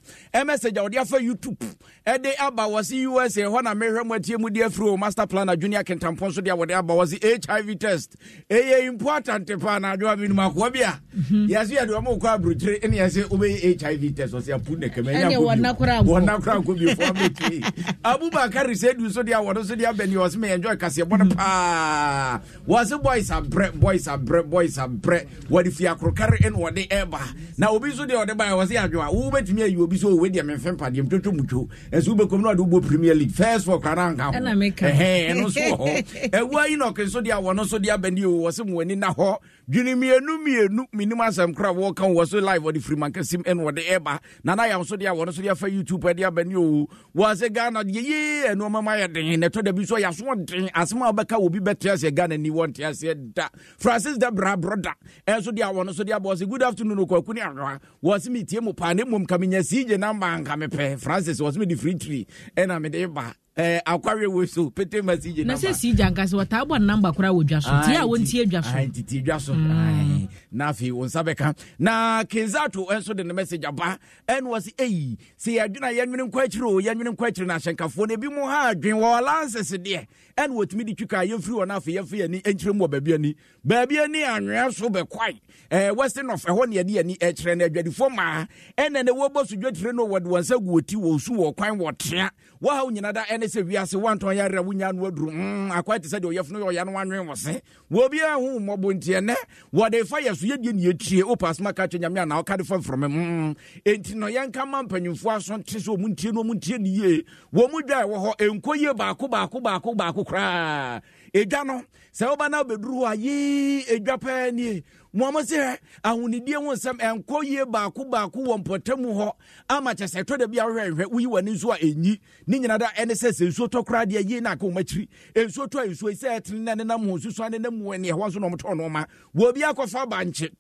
Message audio for YouTube. ɛde aba wɔsi usa hɔ na mehwɛ mo atie mu de afiri o master planner junior kentampɔn nso de a wɔde aba wɔsi hiv test ɛyɛ important paa na adwa mi numu akoa bi a mhm. yɛsɛ yɛde wɔn kɔ aburukyire ɛna yɛsɛ wɔbɛyɛ hiv test wɔsi apu ne kɛmɛ ɛna wɔn nakora nkɔ bi fɔ abɛti abubakar sedu nso de a wɔn nso de abɛ ni wɔsi mɛ enjoy kaseɛ mhm. paa wɔsi boys abrɛ boys abrɛ boys abrɛ wɔde fi akorokari ɛna wɔde ɛɛba na obi nso de ɔde ba yɛ wɔsi adwa wo bɛtumi ayi obi so owe oh, deɛ mɛfɛn padeɛ mutwo ɛsɛ wobɛkɔm no ade wobɔ premier league first fo kra no anka ho ɛno so wɔ hɔ ɛwua yi na ɔke so deɛ a wɔno so de abani o wɔ se mowani na hɔ dwene mmienu mmienu menim asɛm kora wɔka wɔ so live ɔde firi mankasim ɛne wɔde ɛba nana yam so deɛ a wɔno so deɛ afa youtube ɛde abɛne o wɔ sɛ ghana yeye ɛnoɔma ma yɛ den nɛtɔ da bi so yɛaso den asɛm a wobɛka wɔbi bɛte aseɛ ghana ni wɔ nte aseɛ da francis da bra broda ɛnso deɛ a wɔno so deɛ abɔ sɛ good afternoon kwaku ne ahwa wɔ se metie mu paa ne mmom ka menya siigye na mmaa nka mepɛ francis wɔ so mede firi tiri ɛna mede ba ɛɛ eh, akwari wo so pete ma si gye nama na sɛ si gya nka sɛ wɔtaa bɔ namba kora wɔ dwa so ah, tie a wɔntie dwa so tete dwa so mm. na afei wɔn nsa bɛka na kenzato nso de ne message aba ɛna wɔsi eyi si yɛadwena yɛnwene nkɔ akyiri o yɛnwene nkɔ na ahyɛnkafoɔ na ebi mu ha adwen wɔ lances deɛ ɛna wɔtumi de twika yɛfiri wɔn afei yɛfiri yɛni nkyerɛ mu wɔ baabi ani baabi ani anwea so bɛkwae ɛɛ eh, western of ɛhɔ eh, na yɛde yɛni ɛkyerɛ na adwadifoɔ maa ɛna na wɔbɔ so dwetire no wɔde wɔn nsa gu wɔn ti wɔn su wɔn kwan wɔtrea wɔha nyinaa da ɛna ne sɛ wiase woantɔn yɛ awerɛ wonya no aduru mm, akwa te sɛ deɛ ɔyɛfono yɛ ɔya no wanwen wɔ se wɔbiaa ho mmɔbɔ ntiɛ nɛ wɔde fa yɛ so yɛdeɛ ne yɛtie wopa soma ka kyɛ nyame ana wokade fa mfrɔmɛ mm, enti no yɛnka ma mpanyimfoɔ aso te sɛ ɔmu ntie no ɔmu ntie ne yie wɔ mu dwa ɛwɔ hɔ ɛnkɔ yie baako baako baako baako koraa edwa no sɛ woba na abɛduru hɔ a yee edwa pɛɛ nie mmoamu sɛ ahonidie ho nsɛm ɛnkɔ yie baako baako wɔ mpɔtamu hɔ ama kyɛ sɛ ɛtɔ da bi a wohwɛ nhwɛ woyi w'ani nso a ɛnyi ne nyina da ɛne sɛ sɛ nsuo tɔ koraa deɛ yie no aka wɔmakyiri nsuo tɔ a nsuo yi sɛ ɛtene na nenam ho susua nenam wɔ ani ɛhɔ nso na ɔmtɔ nɔɔma wɔbi akɔfa bankye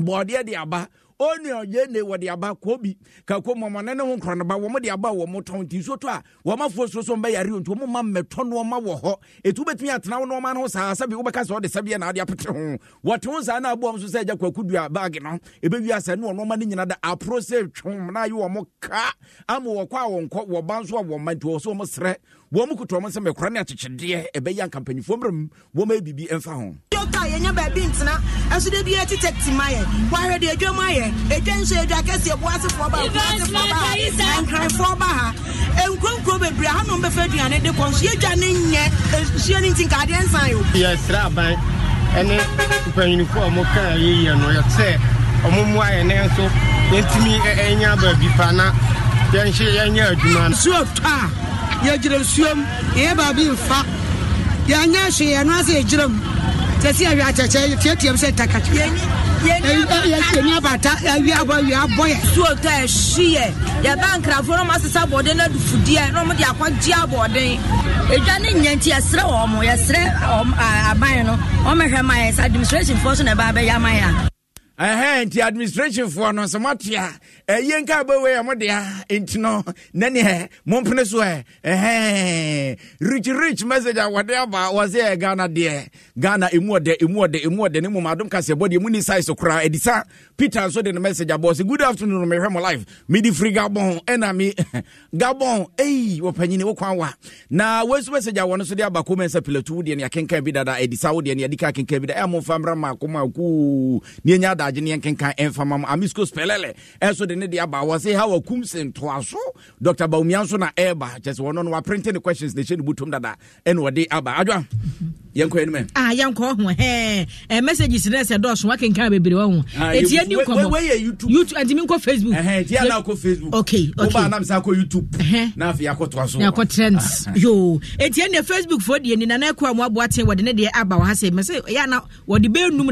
bɔɔdeɛ de aba ɔne ɔyɛ ne wɔde aba kɔ bi kako mɔmɔne ne ho nkorɔnoba wɔm de aba wɔm tɔn nti so to a wɔmafoɔ so so mbɛyare nti wɔmma mmɛtɔ nnoɔma wɔ hɔ ɛti wobɛtumi atena wo nnoɔma no saa sɛbi wobɛka sɛ ɔde sɛbeɛ na ade apete ho wɔte ho saa na aboɔm so sɛ agya kwakodua baage no ɛbɛwi asɛ ne ɔnnoɔma no nyina da aporo sɛ twom na ayɛ wɔ ka ama wɔkɔ a wɔnkɔ wɔba wɔ wɔn mu kutu wɔn nsɛm ɛkora ne akyekyedeɛ ɛbɛyɛ anka mpanyinfoɔ mmerɛ mu wɔn ayɛ biribi ɛmfa ho. dɔkta yɛnyɛ baabi ntena ɛso de bi ɛti tɛ ti ma yɛ wɔahwɛ de edwa mu ayɛ edwa nso edwa kɛse ebu asefoɔ ba ebu asefoɔ ba ha nkranfoɔ ba ha nkuronkuro bebree ha na wɔn bɛfɛ aduane de kɔ nsuo edwa ne nyɛ nsuo ne nti nkadeɛ nsan yɛ. yɛsrɛ aban ɛne mpanyinfoɔ a wɔn kaa yɛyɛ no yɛsɛ wɔn mu ayɛ ne nso yɛgyina nsuom yɛyɛ baabi mfa yɛanyɛ hwee ɛno ase yɛgyina mu sɛ si awia kyɛkyɛ tiatiam sɛ takata yɛni abata awiabɔ awiabɔ yɛ. suo tɔ ɛhyi yɛ yɛba nkrafo no ma sisa abɔden na dufudeɛ na wɔn de akɔgye abɔden. edwa ne nyɛ nti yɛsrɛ wɔn yɛsrɛ aban no wɔn mɛhwɛ man yɛ sɛ administration fo so na ɛba abɛyɛ aman yɛ. ɛhɛ nti administrationfoɔ no sɛ moate a ɛyɛ nka bɛwei a mode a nti no nɛneɛ mompene so ɛ ɛhɛ rich rich message a wɔde aba wɔ sɛ ghana deɛ ghana ɛmu ɔdɛ ɛmu ɔdɛ ɛmu ɔdɛ ne mmom adom kaseɛbɔ deɛ muni size koraa ɛdisa peter nso de ne message abɔ sɛ good afternoon mehwɛ mo live mede firi gabon ɛna me gabon ei wɔpanyini wo kwan wa na wɔsu message a wɔno so de aba comment sɛ pilatu wodeɛ ne akenkan bi dada ɛdisa wodeɛ ne yɛde ka akenkan bi da ɛa momfa mmra maakoma ma ne ɛnya da da agye ne yɛnkenkan ɛmfama mu amisco spelele ɛso de ne de aba wɔ se ha wɔ kum se ntoaso dr baumia nso na ɛɛba kyɛ sɛ wɔno no waprente ne questions ne hyɛ ne butom dada ɛne wɔde aba adwa yɛnkɔ anim ah yɛnkɔ ho hɛ eh, messages ne sɛ dɔɔso wakenkan bebree wɔ ho ɛtiɛ ah, eh, youtube ɛntimi facebook ɛhɛ tiɛ na akɔ facebook okay okay woba anam youtube na afei akɔtoa so trends ah, ah. yo ɛtiɛ eh, ne facebook fo ni nana ɛkɔ a mo aboa ten wɔde ne deɛ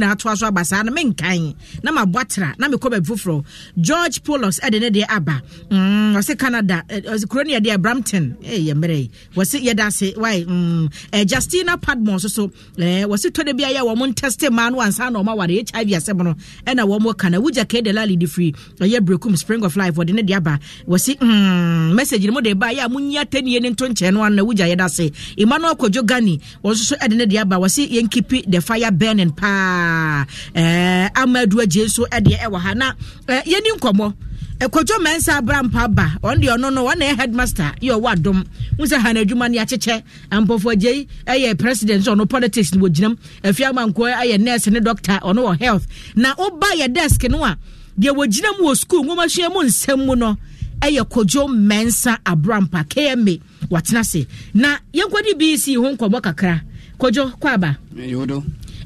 na atoa so aba saa no menkan na mabɔ tra na mekɔ baabi foforɔ george polos ɛde ne deɛ aba mm, canada ɔse kuro ne yɛdeɛ brampton eh, yɛ mmerɛ yi wɔse yɛda ase wae mm, justina padmon soso. so eh, wɔse tɔde bi ayɛ wɔ mo ntɛste maa no ansa na ɔma ware hiv asɛm no ɛna wɔn ka na wogya kɛ de lali de firi ɔyɛ brekum spring of life wɔde ne deɛ aba wɔse mm, message no mu de ba yɛ a monyi atɛnie ne nto nkyɛn no ano na wogya yɛda ase emmanuel kwadwo gani wɔn nso so ne deɛ aba wɔse yɛnkipi the fire burning paa eh, amadu adua gye so deɛ ɛwɔ ha na yɛni nkɔmmɔ ɛkɔdwo mɛnsa abrampa ba ɔno deɛ ɔno no ɔna yɛ headmaster yɛ ɔwɔ adom wo sɛ hana adwuma no yɛakyekyɛ ampɔfoɔ agyei ɛyɛ president ɔno politics no wɔgyinam afie amankoɔ ayɛ nurse ne doctor ɔno wɔ health na woba yɛ desk no a deɛ wɔgyinam wɔ school nwoma sua mu nsɛm mu no ɛyɛ kɔdwo mɛnsa abrampa kma wɔtena se na yɛnkɔde bi sii ho nkɔmmɔ kakra kɔdwo kɔ aba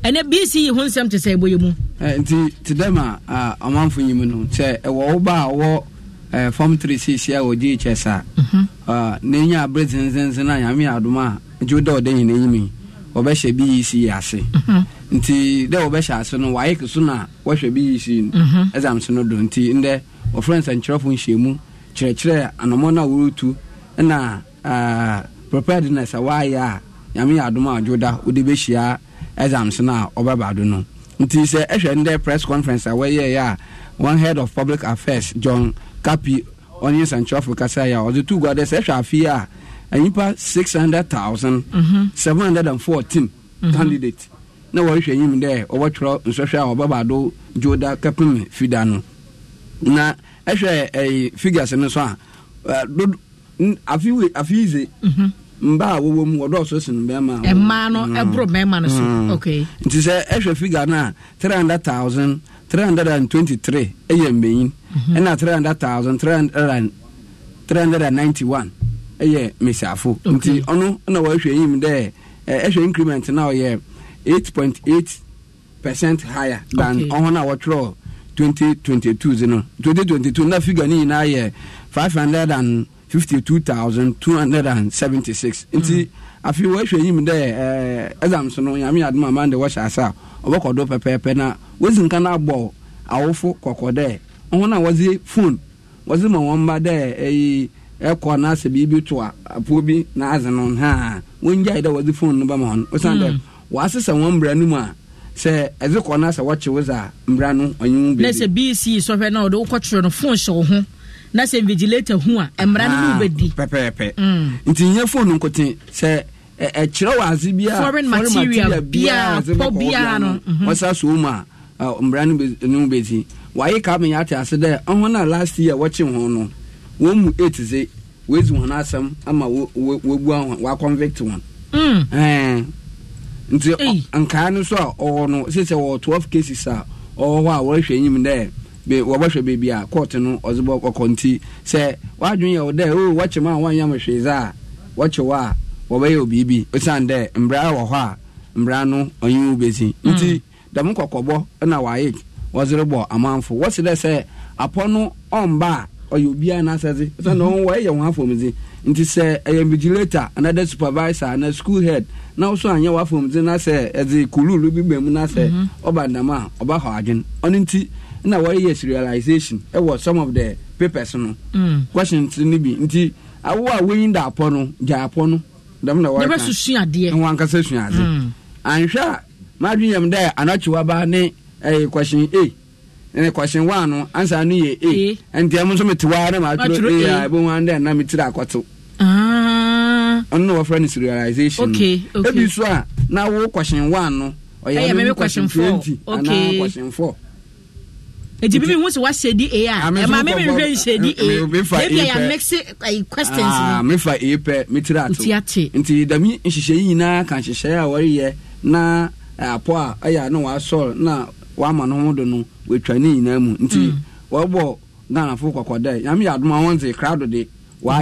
ɛnɛ bc ho nsɛm te sɛ ɛbɔyɛ mu nti te dɛm a ɔmanfo yi mu no sɛ ɛwɔ wo ba a wɔ Uh, fam 3 sisi a wɔgye kyɛs a mhm. na ɛnya abere zenzenzen a nyame adom a gye dɛ ɔda nyina yimi wɔbɛhyɛ bec ase mhm. nti dɛ wɔbɛhyɛ ase no wayɛ ke na wɔhwɛ bec no mhm. exam so no do nti ndɛ wɔfrɛ nsɛnkyerɛfo nhyiamu kyerɛkyerɛ anammɔ no wɔretu na preparedness a wɔayɛ a nyame adom a gye da wode bɛhyia exams no a ɔbɛba do no nti sɛ ɛhwɛ ndɛ press conference a wɔyɛeɛ a one head of public affairs john kapi ɔne nsɛnkyerɛfo kasaeɛ a ɔde tu guadɛ sɛ ɛhwɛ afei a hundred 600000 714 candidate na wɔrehwɛ yim dɛ wɔbɛtwerɛ nsɔhwɛ a ɔbɛba do dwoda kapem fida no na ɛhwɛ ɛyi eh, figures no so a eh, afei afei ze mhm mba a wɔwɔ mu wɔdɔɔso sen bɛrima a no mm. ɛboro bɛrima no so mm. okay nti sɛ ɛhwɛ figa na three hundred thousand three hundred and twenty three ɛyɛ mbenyin mhm. ɛna three hundred thousand three hundred and three hundred and ninety one ɛyɛ mbesiafo nti ɔno ɛna wɔhwɛ yi mu dɛ ɛhwɛ increment na ɔyɛ eight point eight percent higher than ɔhɔn a wɔtwerɛ twenty twenty two zino. twenty twenty two na figa no nyinaa yɛ five hundred and fifty two thousand two hundred and seventy six nti mm. afei wɔahwɛ yim dɛ ɛzam eh, so no nyame adom ama ɔbɛkɔ do pɛpɛɛpɛ na wɔsi nka no abɔ awofo kɔkɔ dɛ ɔhon a wɔdze phone wɔdze ma wɔn mma dɛ ɛyi ɛkɔ na asɛ biribi to a apoɔ bi na adze no ha wɔngyae dɛ wɔdze phone no bɛma hɔn ɔsan dɛ mm. wɔasesa wɔn mbra no mu a sɛ ɛdze kɔ na sɛ wɔkye wo dza mbra no ɔnye mu beebi. na bii sii sɔhwɛ na ɔde wokɔtwerɛ phone hyɛ na sɛ invigilator hu a mmara no mu ah, bɛdi pɛpɛɛpɛ mm. nti nyɛ phone nkote sɛ ɛkyerɛ wɔ ase biaa foreign material biaa pɔ biaa no mm-hmm. wɔsa so mu a mmara no mu bɛdi wayɛ ka menya ate ase dɛ ɔho no a last year wɔkye ho no wɔn mu eight ze wɔadzi wɔn asɛm ama wɔbua wɔn wɔakɔnvict wɔn mm. nti nkaa no so a ɔwɔ no sɛ sɛ wɔwɔ twelve cases a ɔwɔ hɔ a wɔrehwɛ enyim dɛ wɔbɛhwɛ baabi a court no ɔdze bɔ kɔkɔ nti sɛ wadwene yɛ wo dɛ o wɔkye ma a wɔnyɛ me hwee dza a wɔkye wo a wɔbɛyɛ wo biribi mbra wɔ hɔ a mbra no ɔnye wo mm. nti dɛm kɔkɔbɔ na wayɛ wɔdze rebɔ amanfo wɔsi dɛ sɛ apɔ no a ɔyɛ obiara n'asɛdze osiane dɛ mm-hmm. wɔyɛ wɔn nti sɛ ɛyɛ anadɛ supervisor ana school head na woso anyɛ w'afɔmudze na ha ɛdze kululu bi bɛn mu mm-hmm. ɔba dɛm a ɔba hɔ ɔno nti na wɔreyɛ serialization wɔ some of the papers no mm. questions no bi nti awo a da apɔ no gya apɔ no dɛm na wɔreka mm. anhwɛ a question a one no ansa no yɛ a ɛmu nso mi wa ma aturo a a na akɔto ah. na wɔfrɛ no serialization ebi so a na question one no ɔyɛ question four question four. nti bibi hu sɛ wahyɛ di a ɛma ah, me eh, mehwɛ nhyɛ di abia yɛamexe questions ah, mefa ee pɛ metiri ato nti dame nhyehyɛ yi nyinaa ka nhyehyɛe a wɔreyɛ na eh, apɔ a ɛyɛ na wasɔre na wama no ho do no wɔatwa ne nyinaa mu nti mm. wɔbɔ ghanafo kɔkɔdɛ adoma ho nte krado de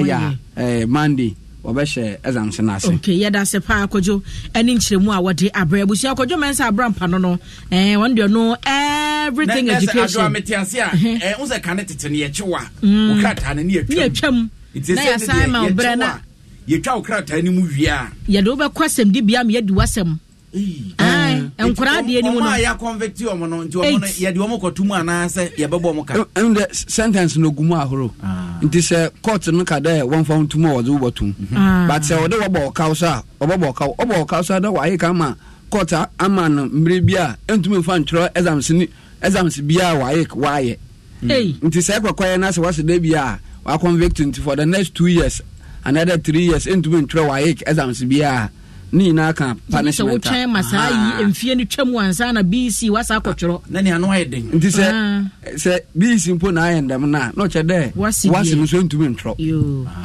ya eh, mande. wɔbɛhyɛ exams no ase okay yɛda ase paa akɔdwo ɛne nkyerɛmu a wɔde abrɛ abusua akɔdwo mɛ nsa abra mpa no no ɛɛ wɔn deɛ no everything education na ɛsɛ adwamete ase a ɛɛ n sɛ kane tete no yɛkyew a wɔ mm. krataa no ne yɛtwam na yɛsan ma ɔbrɛ na yɛtwa wɔ krataa no mu wie a yɛde wobɛkɔ asɛmdibea ma yɛdi w'asɛm Eh, eh, nkora eh, sentence no ah. nti sɛ court no ka dɛ tum a wɔde wɔbɔ tum mhm. ah. but sɛ ɔde wɔbɔ ɔkaw so a ɔbɛbɔ ɔkaw ɔbɔ ɔkaw so a dɛ wɔayɛ ka ama court ama no bi a ɛntumi ntwerɛ exams exams wɔayɛ wɔayɛ nti sɛ bi a for the next two years three years ɛntumi ntwerɛ wɔayɛ exams ne nyinaa ka punishment sɛ wotwɛn ma saa ah. yi mfie no twam ansa na bc wasa akɔtwerɔ na ne ano ayɛ den nti sɛ ah. sɛ bc mpo na ayɛ ndɛm no a na ɔkyɛ dɛ wase no so ntumi ntwerɔ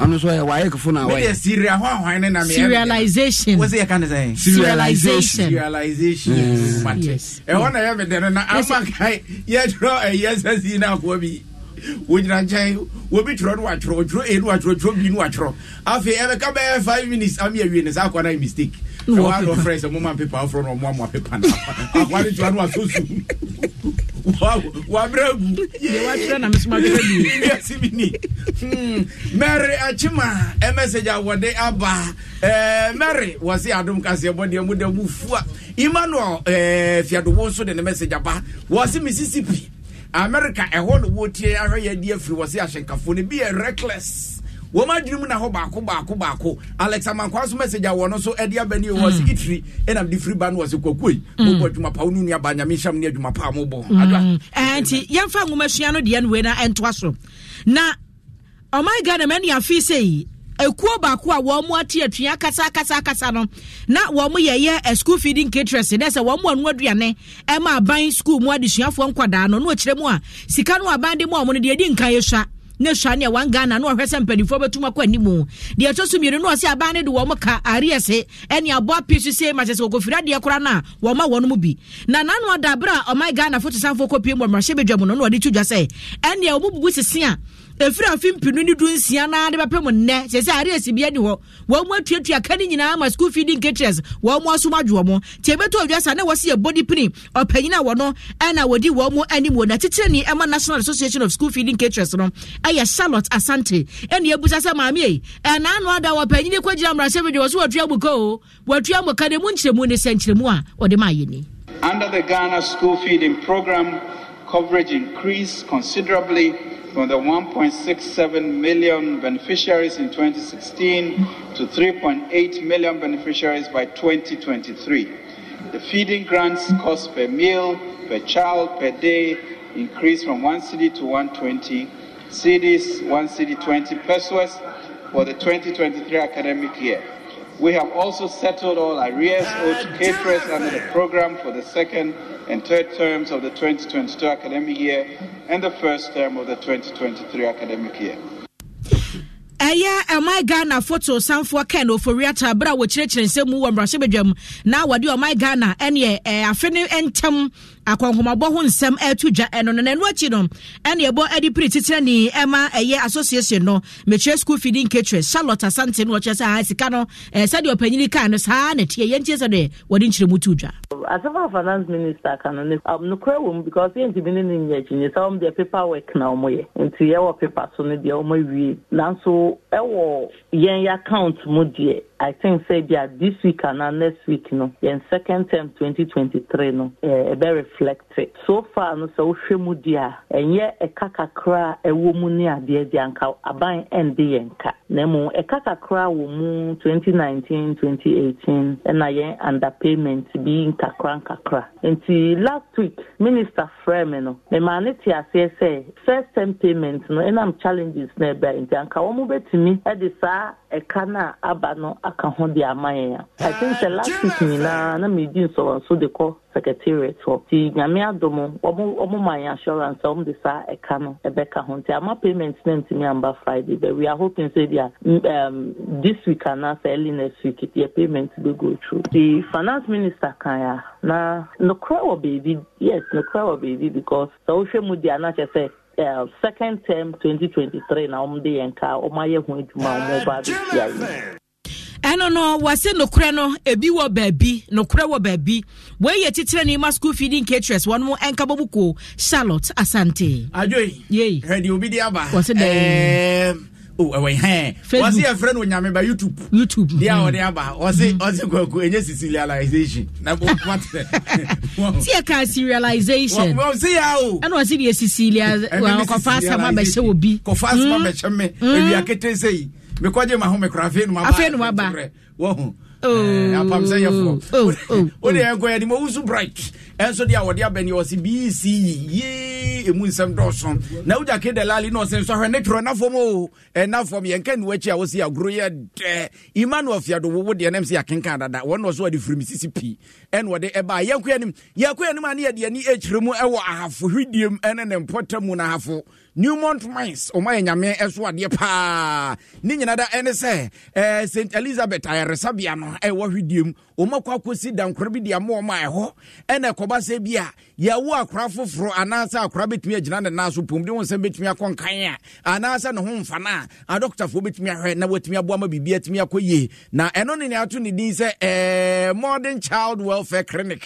ɔno so yɛ wayɛ kofo no a wɔyɛ siria hɔ ahwan ne nam serialization wɔsɛ yɛka ne sɛ serialization serialization ɛhɔ na yɛ me dɛ no na ama kae yɛtwerɛ ɛyɛ sɛ sii no akoa bi wogyina nkyɛn wobi twerɛ no watwerɛ ɔtwerɛ e no watwerɛ twerɛ bi no watwerɛ afei ɛbɛka bɛyɛ five minutes ame awie ne saa akɔ na mistake ɛwɔ adɔ frɛ sɛ moma mpepa aforɔ no ɔmoamoa pepa no akwa ne toa no wasɔ su wabrɛ guyɛsibini hmm. mary akyima ɛmɛsage e a wɔde aba eh, mary wɔ se adom kaseɛbɔdeɛ mu da mu fua emmanuel eh, fiadowo nso de ne mɛsage aba wɔ se mississippi america ɛhɔ no wɔtie ahwɛ yɛ adi afiri wɔ se ahyɛnkafoɔ no bi yɛ reckless wɔn adwene mu na hɔ baako baako baako alex amankwa mm. mm. so oh message a wɔn nso de aba ne wɔ se itiri ɛnam de firi ba no wɔ se kwakue mobɔ adwuma pa wo ne nuaba nyame nhyam ne adwuma pa mobɔ nti yɛmfa nwoma sua no deɛ no wei na ɛntoa so na ɔman ghana ma anuafe sɛ ekuo baako a wɔn mo ate atua kasakasakasa no na wɔn mo yɛyɛ eh, school feeding caterers dɛ sɛ wɔn mo ɔno aduane ɛma eh, aban school mu adesuafoɔ nkwadaa no no akyerɛ mu a sika no aban de mu a wɔn deɛ edi nkan yɛ sua ne sua ne ɛwan ghana na ɔhwɛ sɛ mpanimfoɔ bɛtum akɔ anim deɛ ɛtɔ so mmienu na ɔsɛ aban no de wɔn ka ariɛse ɛne aboa pii so sei ma kyɛ sɛ wɔkɔfiri adeɛ kora no a wɔma wɔn mu bi na nanu ɔda abere a ɔman ghana fotosanfoɔ kɔpie mu ɔmmarahyɛ badwa mu no na ɔde tu dwa sɛ ɛneɛ wɔn bubu sisi a ɛfiri afe mpinu no du nsia naa de bɛpɛ mu nnɛ sɛ sɛ are bia ni hɔ wɔn mu atuatua ka nyinaa ma school feeding caterers wɔn mu asom adwoɔ mo tie bɛtɔ sa na wɔsi yɛ body pini ɔpanyin a wɔno ɛna wɔdi wɔn mu anim wɔ na ni ɛma national association of school feeding caterers no ɛyɛ charlotte asante ɛna ebusa sɛ maame yi ɛna ano ada wɔ panyin kɔ gyina mmarahyɛ bi de wɔso wɔtua mu ka wɔtua mu ka mu nkyerɛmu ne sɛ nkyerɛmu a wɔde ma ayɛ ni. Under the Ghana school feeding program, coverage increased considerably from the 1.67 million beneficiaries in 2016 to 3.8 million beneficiaries by 2023. The feeding grants cost per meal, per child, per day increased from 1 city to 120 cities, 1 city 20 pesos for the 2023 academic year. We have also settled all arrears uh, owed to caterers under the program for the second and third terms of the 2022 academic year and the first term of the 2023 academic year. ɛyɛ ɛman ghana foto sanfoɔ ken oforiata berɛ a wɔkyerɛkyerɛ nsɛm mu wɔ mmarahyɛbadwam na wɔde ɔman ghana ɛneɛ eh, afe no ntɛm akɔnhomabɔ ho nsɛm ɛto dwa ɛno no na ɛno akyi no ɛne ɛbɔ ɛde piri titire ɛma ɛyɛ association no mekyerɛ school feeding ne charlotte asante no wɔkyerɛ sɛ a sika no sɛdeɛ ɔpanyini kaa no saa na tie yɛntie sɛ wɔde nkyerɛmu to dwa asɛm finance minister ka no um, nokorɛ wɔ mu because yɛntumi ne ne nyɛ akyinye sɛ wɔm deɛ paper work na ɔmyɛ nti yɛwɔ paper so no deɛ ɔmawie nanso ɛwɔ yɛn yɛ account mu deɛ I think say yeah, this week and next week no in second term 2023 no eh, eh, very eh, reflected. so far no sɛ wohwɛ eh, and yet, a kakakra a woman mu the adeɛ di anka aban ɛnde yɛn ka na mmom ɛka 2019 2018 ɛna yɛn underpayment bi nkakra nkakra nti last week minister frɛ no the ne te say first term payment no ɛnam challenges na ɛbɛ nti anka wɔn bɛtumi ɛde saa ɛka no a aba no aka ho de ama a i think sɛ last week nyinaa na medi nsɔwanso de kɔ secretariat hɔ nti nyame adom ɔmo ma yɛn assurance a ɔmo de saa ɛka no ɛbɛka ho nti ama payment na ntumi amba friday but we are hoping sɛ dea um, this week anaasɛ early next week yɛ payment bɛgo through Nti finance minister ka a na nokorɛ wɔ baabi yes nokorɛ wɔ baabi because sɛ wohwɛ mu deɛ anakyɛ sɛ Eh, second term 2023 na wɔde yɛn ka wɔayɛ ho adwuma wɔn ba abɛsia yi. ɛno no wɔse nokorɛ no ebi wɔ baabi nokorɛ wɔ baabi wɔyɛ titire ne ma school feeding caterers wɔn mo ɛnka bɔ charlotte asante. adwoyi yei hwɛ deɛ obi de aba. wɔse dɛɛ wɔse yɛfrɛ no onyame ba youtube deɛ a wɔde aba ɔse kwaku ɛnyɛ si serialization sɛ yɛka serialization sɛ yɛ o ɛna ɔse deɛ sisiliakɔfa asɛm abɛhyɛ wɔ bi kɔfa asɛm abɛhyɛ me awiakete sɛ yi mekɔgye ma ho mekorafei no mabafei no maba wɔho Eh, apamsɛyɛfoɔ oh, oh, wode oh. ɛnkɔyɛ de ma wosu bright ɛnso deɛ a wɔde abɛneɛ ɔse bc yee ɛmu nsɛm dɔɔso na wogya ke dalali na ɔse nso ahwɛ ne twerɛ nafom o ɛnafom yɛnka ne wakyi a wo se agoro yɛ dɛ emmanuel fiado wowo deɛ nam sɛ yɛkenka dada wɔn na ɔso wɔde firi me sisi pii ɛne wɔde ɛbaa yɛnkɔ anim yɛkɔ anim a ne yɛde ani akyerɛ mu ɛwɔ ahafo hwidiem ɛne ne mpɔta mu no ahafo newmont mines ɔma yɛ nyame ɛso adeɛ paa ne nyina da ɛne sɛ eh, st elizabeth ayaresabea no ɛwɔ hwedie mu ɔma kɔ akɔsi dankora bi de ama ɔma ɛhɔ ɛna ɛkɔba sɛ bi a yɛwo akora foforɔ anaasɛ akora bɛtumi agyina ne naa so pom de wo nsɛm bɛtumi akɔ nkan a anaasɛ ne ho mfa no a adɔktafoɔ bɛtumi ahwɛ na watumi aboa ma biribi atumi akɔ yie na ɛno ne neato ne din sɛ eh, modern child welfare clinic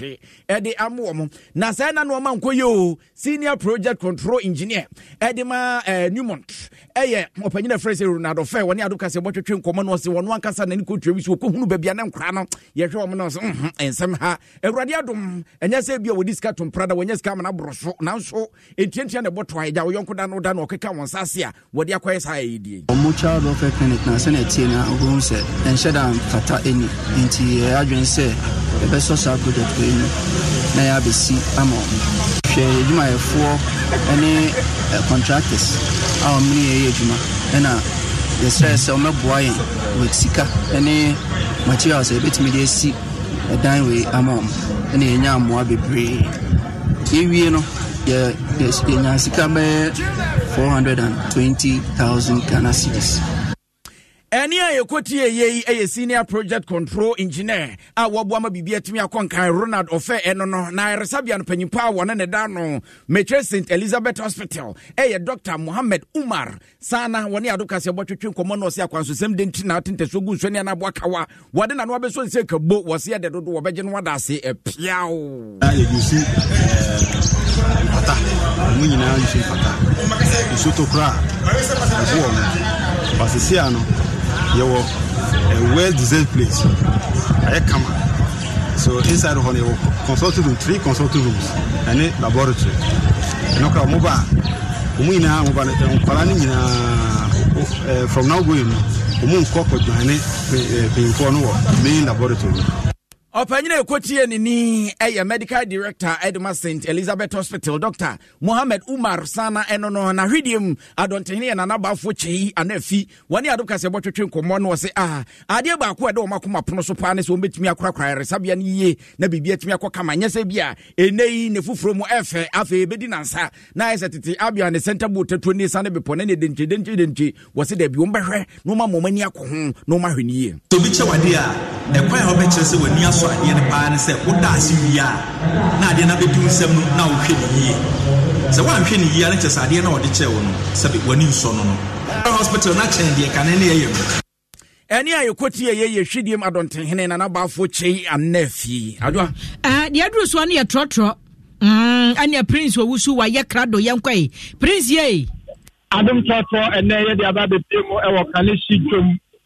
ɛde amoɔ mo na sɛ na no ɔma nkɔ yie o senior project control engineer ɛde de ma eh, newmont ɛyɛ ɔpanyina frɛ sɛ ronaldo fɛ wɔne ado ka sɛ bɔtwetwe nkɔmmɔ no ɔse wɔno ankasa nani kɔtwa bi so wɔkɔhunu baabia ne nkora no yɛhwɛ ɔm no ɔse ɛnsɛm ha awurade adom ɛnyɛ sɛ bia wɔde sika tompra da wɔnyɛ sika mana borɔ so nanso ɛntiantia ne bɔto a agya woyɔnko da no da na ɔkeka wɔn sa ase a wɔde akɔyɛ saa ɛyɛdie ɔmo child welfare clinic na sɛne ɛtie no wobɛhu sɛ ɛnhyɛ da mfata ani nti yɛ adwene sɛ yɛbɛsɔ saa project yi no na yɛabɛsi ama ɔmo hwɛ adwumayɛfoɔ ne eh, contractors a wɔn ne yɛyɛ adwuma ɛna yɛsrɛ sɛ wɔmɛboa yɛn wɔ sika ne materials a yɛbɛtumi de asi ɛdan wei ama wɔn ɛna yɛnya mmoa bebree yɛwie no yɛ yɛnya sika bɛyɛ four hundred and twenty thousand ghana cedis ɛne a yɛkɔtie yei ɛyɛ senior project control engineer a wɔboa ma biribi atumi akɔnkan ronald ɔfɛ ɛno no na ɛresabea no panyimpa a wɔne ne da no metre st elizabeth hospital ɛyɛ dr mohammed umar saa na wɔne ado kaseɛ bɔtwetwe nkɔmmɔ na ɔse akwansosɛm de nti na atentɛso gu nsɔne anaboa kawa wɔde nano abɛsɔ nsɛ kabo wɔseɛ de dodo wɔbɛgye no wada ase ɛpiaw yɛyusu pata eh, mu nyinaa yusu pata yusu tokora a ɛboɔ no basese a no yɛwɔ a eh, well designed place ɛyɛ kama so inside hɔ no yɛwɔ consult room three consulting rooms ɛne laboratory ɛno kora ɔmo ba ɔmo nyinaa ɔmo ba eh, nkwaraa no nyinaa eh, from now going no ɔmo nkɔ kɔdwane mpanyinfoɔ no wɔ main laboratory ɔpanyini ekotie nini ɛyɛ medical director edema st elizabeth hospital doctor mohammed umar sana ɛno no n'ahwedeɛ mu adɔntene yɛ nanabaafo kyɛyi anafi wɔne adom kasɛ bɔtwetwe nkɔmmɔ no wɔse a ah, adeɛ baako ɛdɛ ɔma koma pono so paa ne sɛ wɔmbɛtumi akorakora ɛresabea no yie na biribi atumi akɔ kama nyɛ sɛ bi a ɛnɛ yi ne foforɔ mu ɛfɛ afei ɛbɛdi nansa na ayɛ sɛ tete abia ne center bo atuo ne sane bepɔ ne ne dentwedentwedentwe wɔse daabi wɔmbɛhwɛ na ɔma mmɔmani akɔ ho na ɔma hwɛ no yie sɛ obi kyɛ wade a ɛkwan a wɔbɛkyerɛ sɛ w'ani so adeɛ no paa ne sɛ woda ase wie a na adeɛ no abɛdi nsɛm no na wohwɛ ne yie sɛ woanhwɛ ne yie a ne kyɛ sɛ adeɛ no a wɔde kyɛɛ wo no sɛbe w'ani nsɔ no no hospital na kyɛn deɛ kane ne ɛyɛ mu ɛne a yɛkɔti ɛyɛ yɛhwɛdie mu adɔntenhene na nabaafoɔ kyɛi anna afie adoa deɛ aduru soa no yɛtorɔtorɔ mm, ɛneɛ prince wɔwu so wayɛ krado yɛnkɔe prince yei adom tɔtɔ ɛnɛ yɛde aba bɛpie mu ɛwɔ kane hyi dwom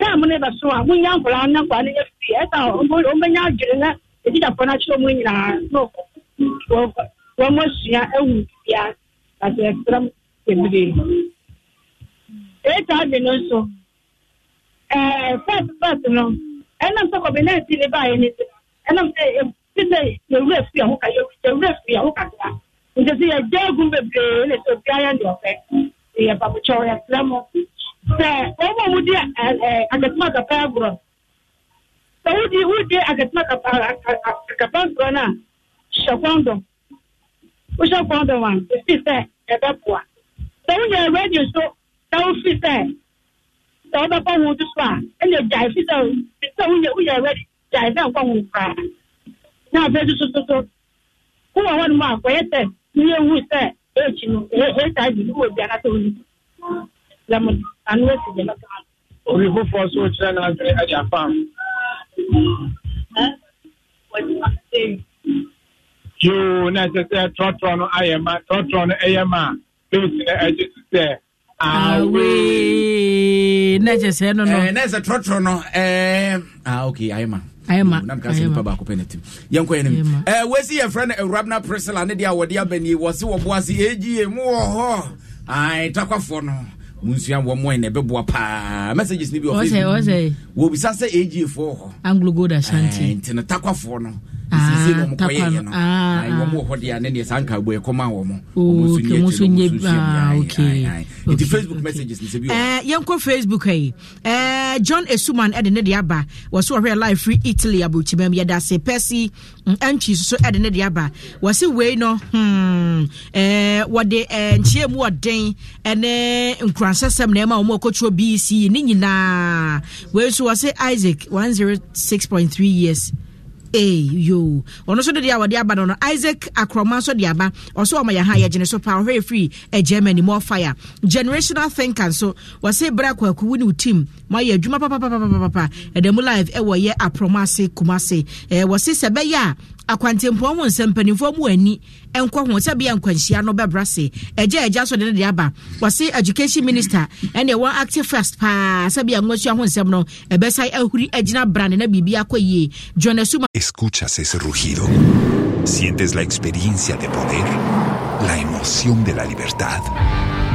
táàmù ne bɛ so eh, e a e e mo nya nkɔla na nkɔla ne yɛ fi ɛta wɔn bɛ nya adwene na ebi da kɔnɔ akyerɛ wɔn nyinaa na wɔn mo sua ewu bia kasi ɛsrɛm bebree ɛta adi no nso ɛɛ fɛs fɛs no ɛnam sɛ kɔbi na esi ne ba yɛ ne ti ɛnam sɛ esi sɛ yɛwura fi ɛho ka yɛwura fi ɛho ka ta nti sɛ yɛ gya egum bebree ɛna sɛ obi ayɛ ne ɔfɛ yɛ pabukyɛw yɛ srɛm sɛ wɔn a wɔde agatuma kapa agorɔ sɛ wodi wodi agatuma kapa kapa agorɔ no hyɛ kɔndɔm wohyɛ kɔndɔm a efi sɛ ɛbɛboa sɛ wonya radio so na wofi sɛ sɛ wobɛkɔ ho to so a ɛna gya efi sɛ sɛ wonya wonya radio gya efi ankɔ ho koraa na afei soso soso wowɔ hɔ nom a kɔyɛ sɛ ne yɛ sɛ ekyi no ɛyɛ hiv ne wɔ bi anasɛ wɔn lamɔ ano esi de obi foforɔ so kyerɛ no adwene ade afam yoo na ɛsɛ sɛ trɔtrɔ no ayɛ ma trɔtrɔ no ɛyɛ ma a pɛsi no agye so sɛ awee na ɛkyɛ sɛ no no eh, na ɛsɛ trɔtrɔ no ɛɛ eh, ah okay ayɛ ma wɔsi yɛfrɛ no awurabna priscilla ne deɛ a wɔde abani wɔ se wɔboase ɛgyie mu wɔ hɔ takwafoɔ no munsua wɔ mɔɛ na ɛbɛboa paa messages no bi wɔbisa sɛ agfoɔ hɔ nti no takwafoɔ no sisi na ɔmo kɔyɛ yɛ no wɔn wɔ hɔ facebook messages nse bi wɔ. Eh, yɛn facebook yi eh, john esuman ɛde ne de aba wɔsi wɔhwɛ live free italy aburukyimam yɛda se pɛsi ɛntwi mm, soso ɛde ne de aba wɔsi wei no hmm, eh, wɔde nkyɛn mu ɔden ɛne nkuransɛsɛm na ɛma wɔn ɔkɔtɔ bec ne nyinaa wei nso wɔsi isaac one zero six point three years. eyo ɔno nso de deɛ a wɔde aba no no isaac akorɔma nso de aba ɔso ɔma yɛ ha yɛgyene so paa ɔhwɛ firi e eh, germany mu ɔfaya generational thinker nso wɔse berɛ akwaku wo ne wo team moayɛ adwuma papapapapapa ɛda eh, mu live ɛwɔ eh, yɛ aprɔma ase kuma ase eh, wɔse sɛ ɛbɛyɛ a akwantempɔn ho nsɛm mpanimfoɔ mu ani nkɔ ho sɛ bia nkwanhyia no bɛbra se agya agya so de no de aba wɔse education minister ɛne wɔn active first paa sɛ bia nwasua ho nsɛm no ɛbɛsae ahuri agyina brane na biribi akɔ yie john asuma escuchas ese rugido sientes la experiencia de poder la emoción de la libertad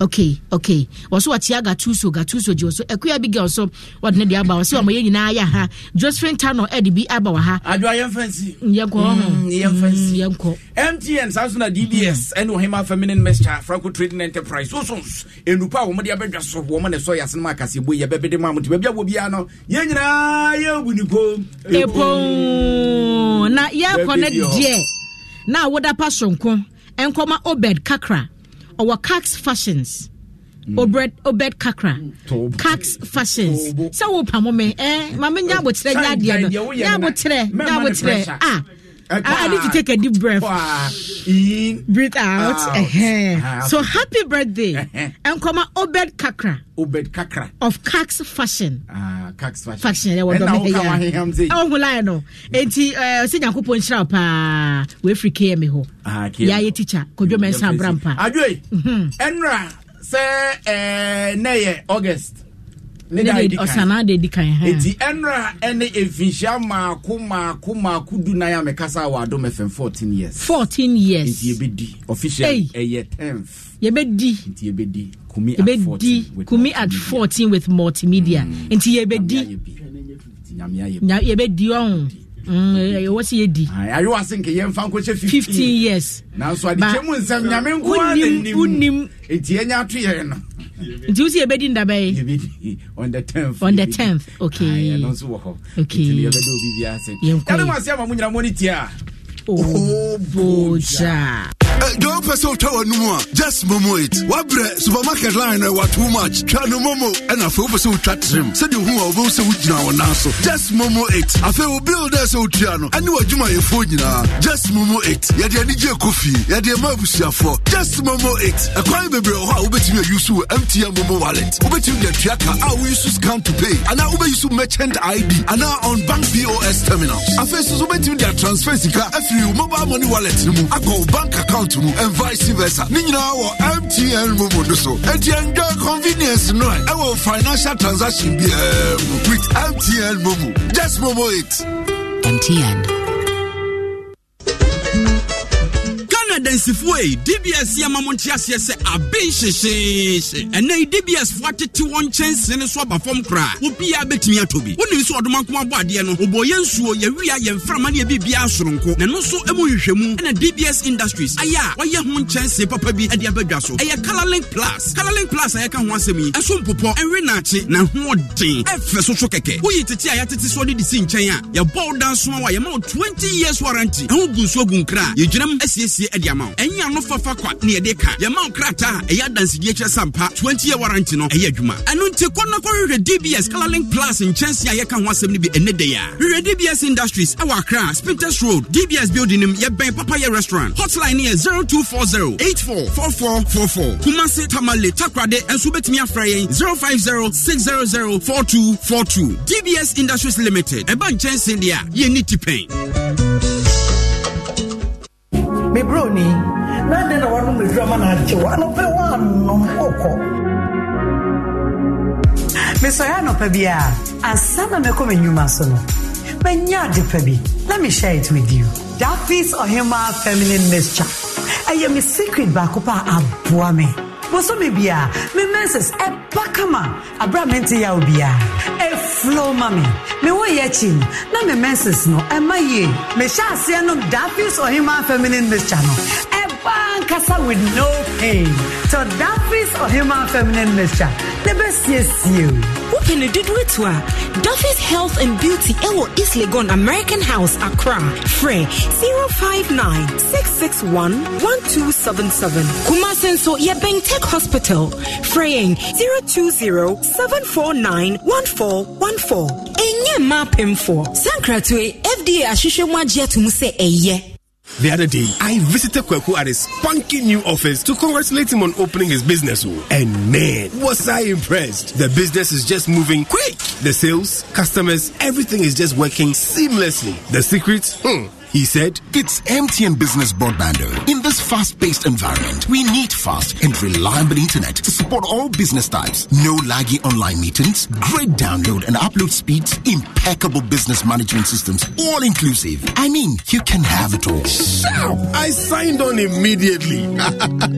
okay okay wɔso wakyia gatuso gatuso gye so akua bi girl so wɔde ne de aba wɔ sɛ yɛ nyinaa yɛ ha josephine tano ɛde bi aba wɔ ha adwoa yɛmfa nsi mm, yɛnkɔ hɔ mm, yɛmfa nsi mm, yɛnkɔ mtn saa so na dbs ɛne ɔhema feminine mixture franco trading enterprise wosons Enupa a wɔmde abɛdwa so wɔma ne sɔ yɛase no ma akaseɛ bɔ yɛbɛbede ma mo nti baabi a wɔ biara no yɛn nyinaa yɛbu ne pom ɛpom na yɛkɔ no deɛ na woda pa sonko ɛnkɔma obed kakra ɔwɔ cax fashions obred obed kakra mm. cax fashions sɛ wopamo me eh, ma menya aboterɛ nyɛ adeɛ no nyɛ aboterɛ nyɛ aboterɛ ah I, need to take a deep breath. In, breathe out. out. Uh-huh. So happy birthday. and comma Obed Kakra. Obed Kakra. Of Cax Fashion. Ah, Cax Fashion. Fashion. Ɛwɔ dɔm bɛ yɛ. Ɛwɔ hula yɛ no. Eti ɛɛ uh, ɔsi nyankopɔ nhyira paa. Wefiri Ah, KM. Yaaye teacher. Kodwo mɛnsa mm, abrampa. Adwoe. Mm-hmm. Ɛnra sɛ ɛɛ eh, nɛyɛ August ne da edi kan eti ɛnura ɛne efinhyia maako maako maako du nan a mɛkasa wɔ adom fm fourteen years. fourteen years nti ebedi official ɛyɛ tenth. yɛbɛdi nti yɛbɛdi kumi at fourteen with kumi at fourteen with multimedia nti yɛbɛdi nyamea yɛbɛdi ɔn ɛwɔ sɛ yɛdi ayewa se yɛmfa nkɔhyɛ 15 years nanso adekyɛ mu nsɛm nyame nkoanim ɛnti yɛnya ato yɛn no nti wosi yɛbɛdi ndabɛyi 10th on okay nyina mo tie a oboja deɛ wopɛ sɛ wotwa wɔ no mu just momo it bread? supermarket line no too much twa no momo ɛna afei wopɛ sɛ wotwa trem sɛdeɛ hu a wobɛhu sɛ wogyina wɔ nan so just momo it afei wobill dɛ sɛ wotua no ɛne w'adwumayɛfoɔ now. just momo it yɛde anigye kɔ fie yɛde ma just momo it ɛkwan bebree wɔ hɔ a wobɛtumi ayi so wɔ mtn momo wallet wobɛtumi de atua ka a woyi so scan to pay anaa wobɛyi so merchant id anaa on bank pos terminal afei so so wobɛtumi de their transfer. afiri wo mobile money wallet I mu bank account mu and vice versa ne nyinaa wɔ mtn momodo so enjoy convenience no I will financial transaction be uh, with mtn momo just momo it mtn adansifoɔ yi dbs yɛ ma mo nte aseɛ sɛ aben hyehyeehye ɛnɛ yi dbs foɔ atete wɔn nkyɛnsee no so aba fam koraa wobiaa bɛtumi atobi bi wonim sɛ ɔdoma nko abɔ adeɛ no wɔbɔ yɛ nsuo yɛwia yɛmframa ne yɛbiribiaa soronko na ɛno nso mu nhwehwɛmu ɛna dbs industries ayɛ a wɔayɛ ho nkyɛnsee papa bi de abadwa so ɛyɛ colorlink plus colorlink plus a yɛka ho asɛm yi ɛso mpopɔ ɛnwe naakye na hoɔden ɛfɛ so so kɛkɛ woyi tete a yɛatete so de de si nkyɛn a yɛbɔ wo danso a yɛma wo 20 years warranty ɛho gu nsuo gu nkra a yɛgyinam asiesie de de ama wo ɛnyɛ ano fafa kwa ne yɛde ka yɛma wo krataa a ɛyɛ adansedie kyerɛ sampa 20 year warranty no ɛyɛ adwuma ɛno nti kɔ na kɔhwehwɛ dbs colorlink plus nkyɛnse a yɛka ho asɛm no bi ɛnɛ dei a hwehwɛ dbs industries ɛwɔ akra spintes road dbs building nim yɛbɛn papayɛ restaurant hotline ne yɛ 0240 844444 kumase tamale takrade nso wobɛtumi afra yɛn 050 dbs industries limited ɛba nkyɛnse deɛ a yɛnni tipɛn ni na de na wanom medurama no agye wa anɔpɛ woanom wokɔ mesɔre anɔpa bi a ansa na mɛkɔ m'anwuma so no manya ade pa bi na mehyɛ it with you dafis ɔhema feminine mixture ɛyɛ me secret baako pa aboa me bosome bia me menses ɛba eh, kama abra mente yaw bia ɛflo eh, ma me wo yɛ akyi no na me menses no ɛma eh, yie mehyɛ aseɛ no dafis ɔhemaa feminine mixture no ankasa with no pain. So that is a human feminine mixture. The best is you. Who can you do it to her? Duffy's Health and Beauty Ewo East Legon American House Accra. Fre 059 661 1277. Kumasenso Yebeng Tech Hospital. Freying 020 749 1414. Enye mapem for. Sankratue FDA Ashishemwa Jetumuse Eye. The other day, I visited Kweku at his spunky new office to congratulate him on opening his business. And man, was I impressed! The business is just moving quick. The sales, customers, everything is just working seamlessly. The secret? Hmm he said, It's MTN Business Broadband. In this fast paced environment, we need fast and reliable internet to support all business types. No laggy online meetings, great download and upload speeds, impeccable business management systems, all inclusive. I mean, you can have it all. I signed on immediately.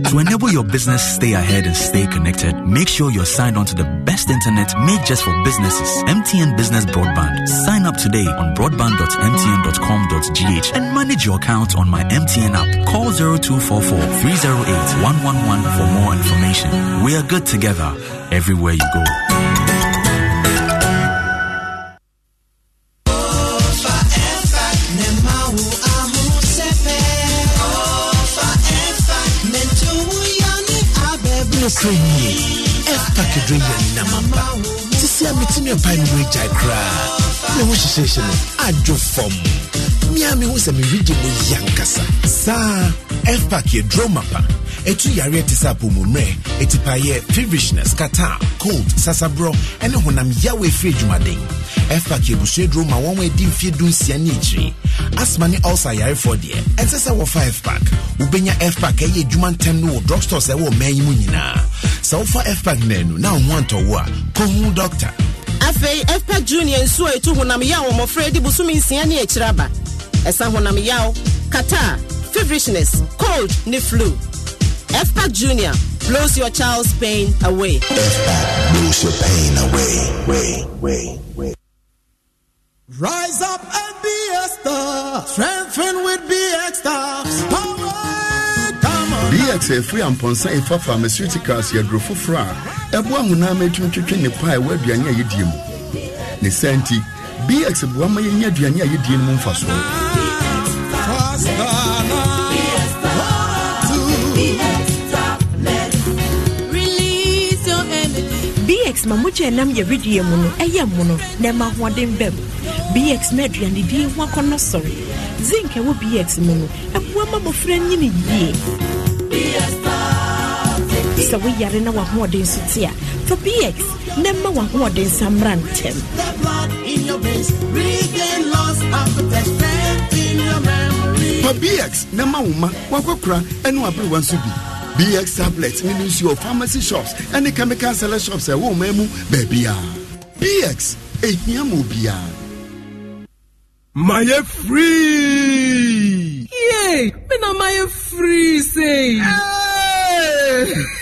to enable your business stay ahead and stay connected, make sure you're signed on to the best internet made just for businesses. MTN Business Broadband. Sign up today on broadband.mtn.com.gh page and manage your account on my MTN app. Call 0244 308 111 for more information. We are good together everywhere you go. ɛfa kedro yɛ namamba sisi a metumi mpa no mu agyae koraa na ho hyehyɛhyɛ no adwo fam mia mi ho sɛ merigye mo yi ankasa saa fpak yɛ droma pa ɛtu yareɛ te sɛ apɔmmummerɛ ɛtipayɛ feverishness kata cold sasaborɔ ne honam yawo ɛfiri adwumaden fpak abusua duro ma wɔn adi mfeɛ dunsia ne akyiri asma ne ulsa yarefoɔ deɛ ɛnsɛ sɛ wɔfa fpak wobɛnya fpak ɛyɛ adwuma ntɛm no wɔ drugstores ɛwɔ ɔman yi mu nyinaa sɛ wofa fpak naanu na wo ho antɔwo a kɔhu dɔkta afei fpak junior nsuo ɛtu honam yɛ a wɔmmɔfra adi bosome nsia ne akyiri ɛsa honam yaw kata feverishness cold ne flu fpa junior blows your child's pain away fpac blows your pain away way way way Rise up and be a star. Strengthen with BX stars. Power. Come BX amponsa pharmaceuticals yɛduro foforɔ a ɛboa ɛwɔ aduane a yɛdie mu ne bx boa ma yɛnya aduane a yɛdie no mu mfasoɔ bx ma mokyɛ nam yɛwedeɛ mu no ɛyɛ mmono na ɛma hoɔden bɛm bx ma aduanedie ho akɔnnɔ sɔre zinc ɛwɔ bx mu no ɛboa ma mmɔfra nyine yie sɛ woyare na wahoɔden so te a fa bx na ma wahoɔden sa mmra ntɛm fa bx na ma wo ma wakɔkora ɛne waberewa nso bi bx tablet ne ne nsuo pharmacy shops ɛne chemical seller shops ɛwɔ ɔman mu baabia bx ehia ma obiara. mayɛ free. yee mi na mayɛ free sey. Hey!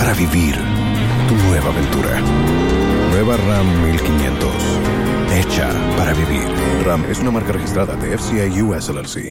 para vivir tu nueva aventura. Nueva RAM 1500. Hecha para vivir. RAM es una marca registrada de FCI US LLC.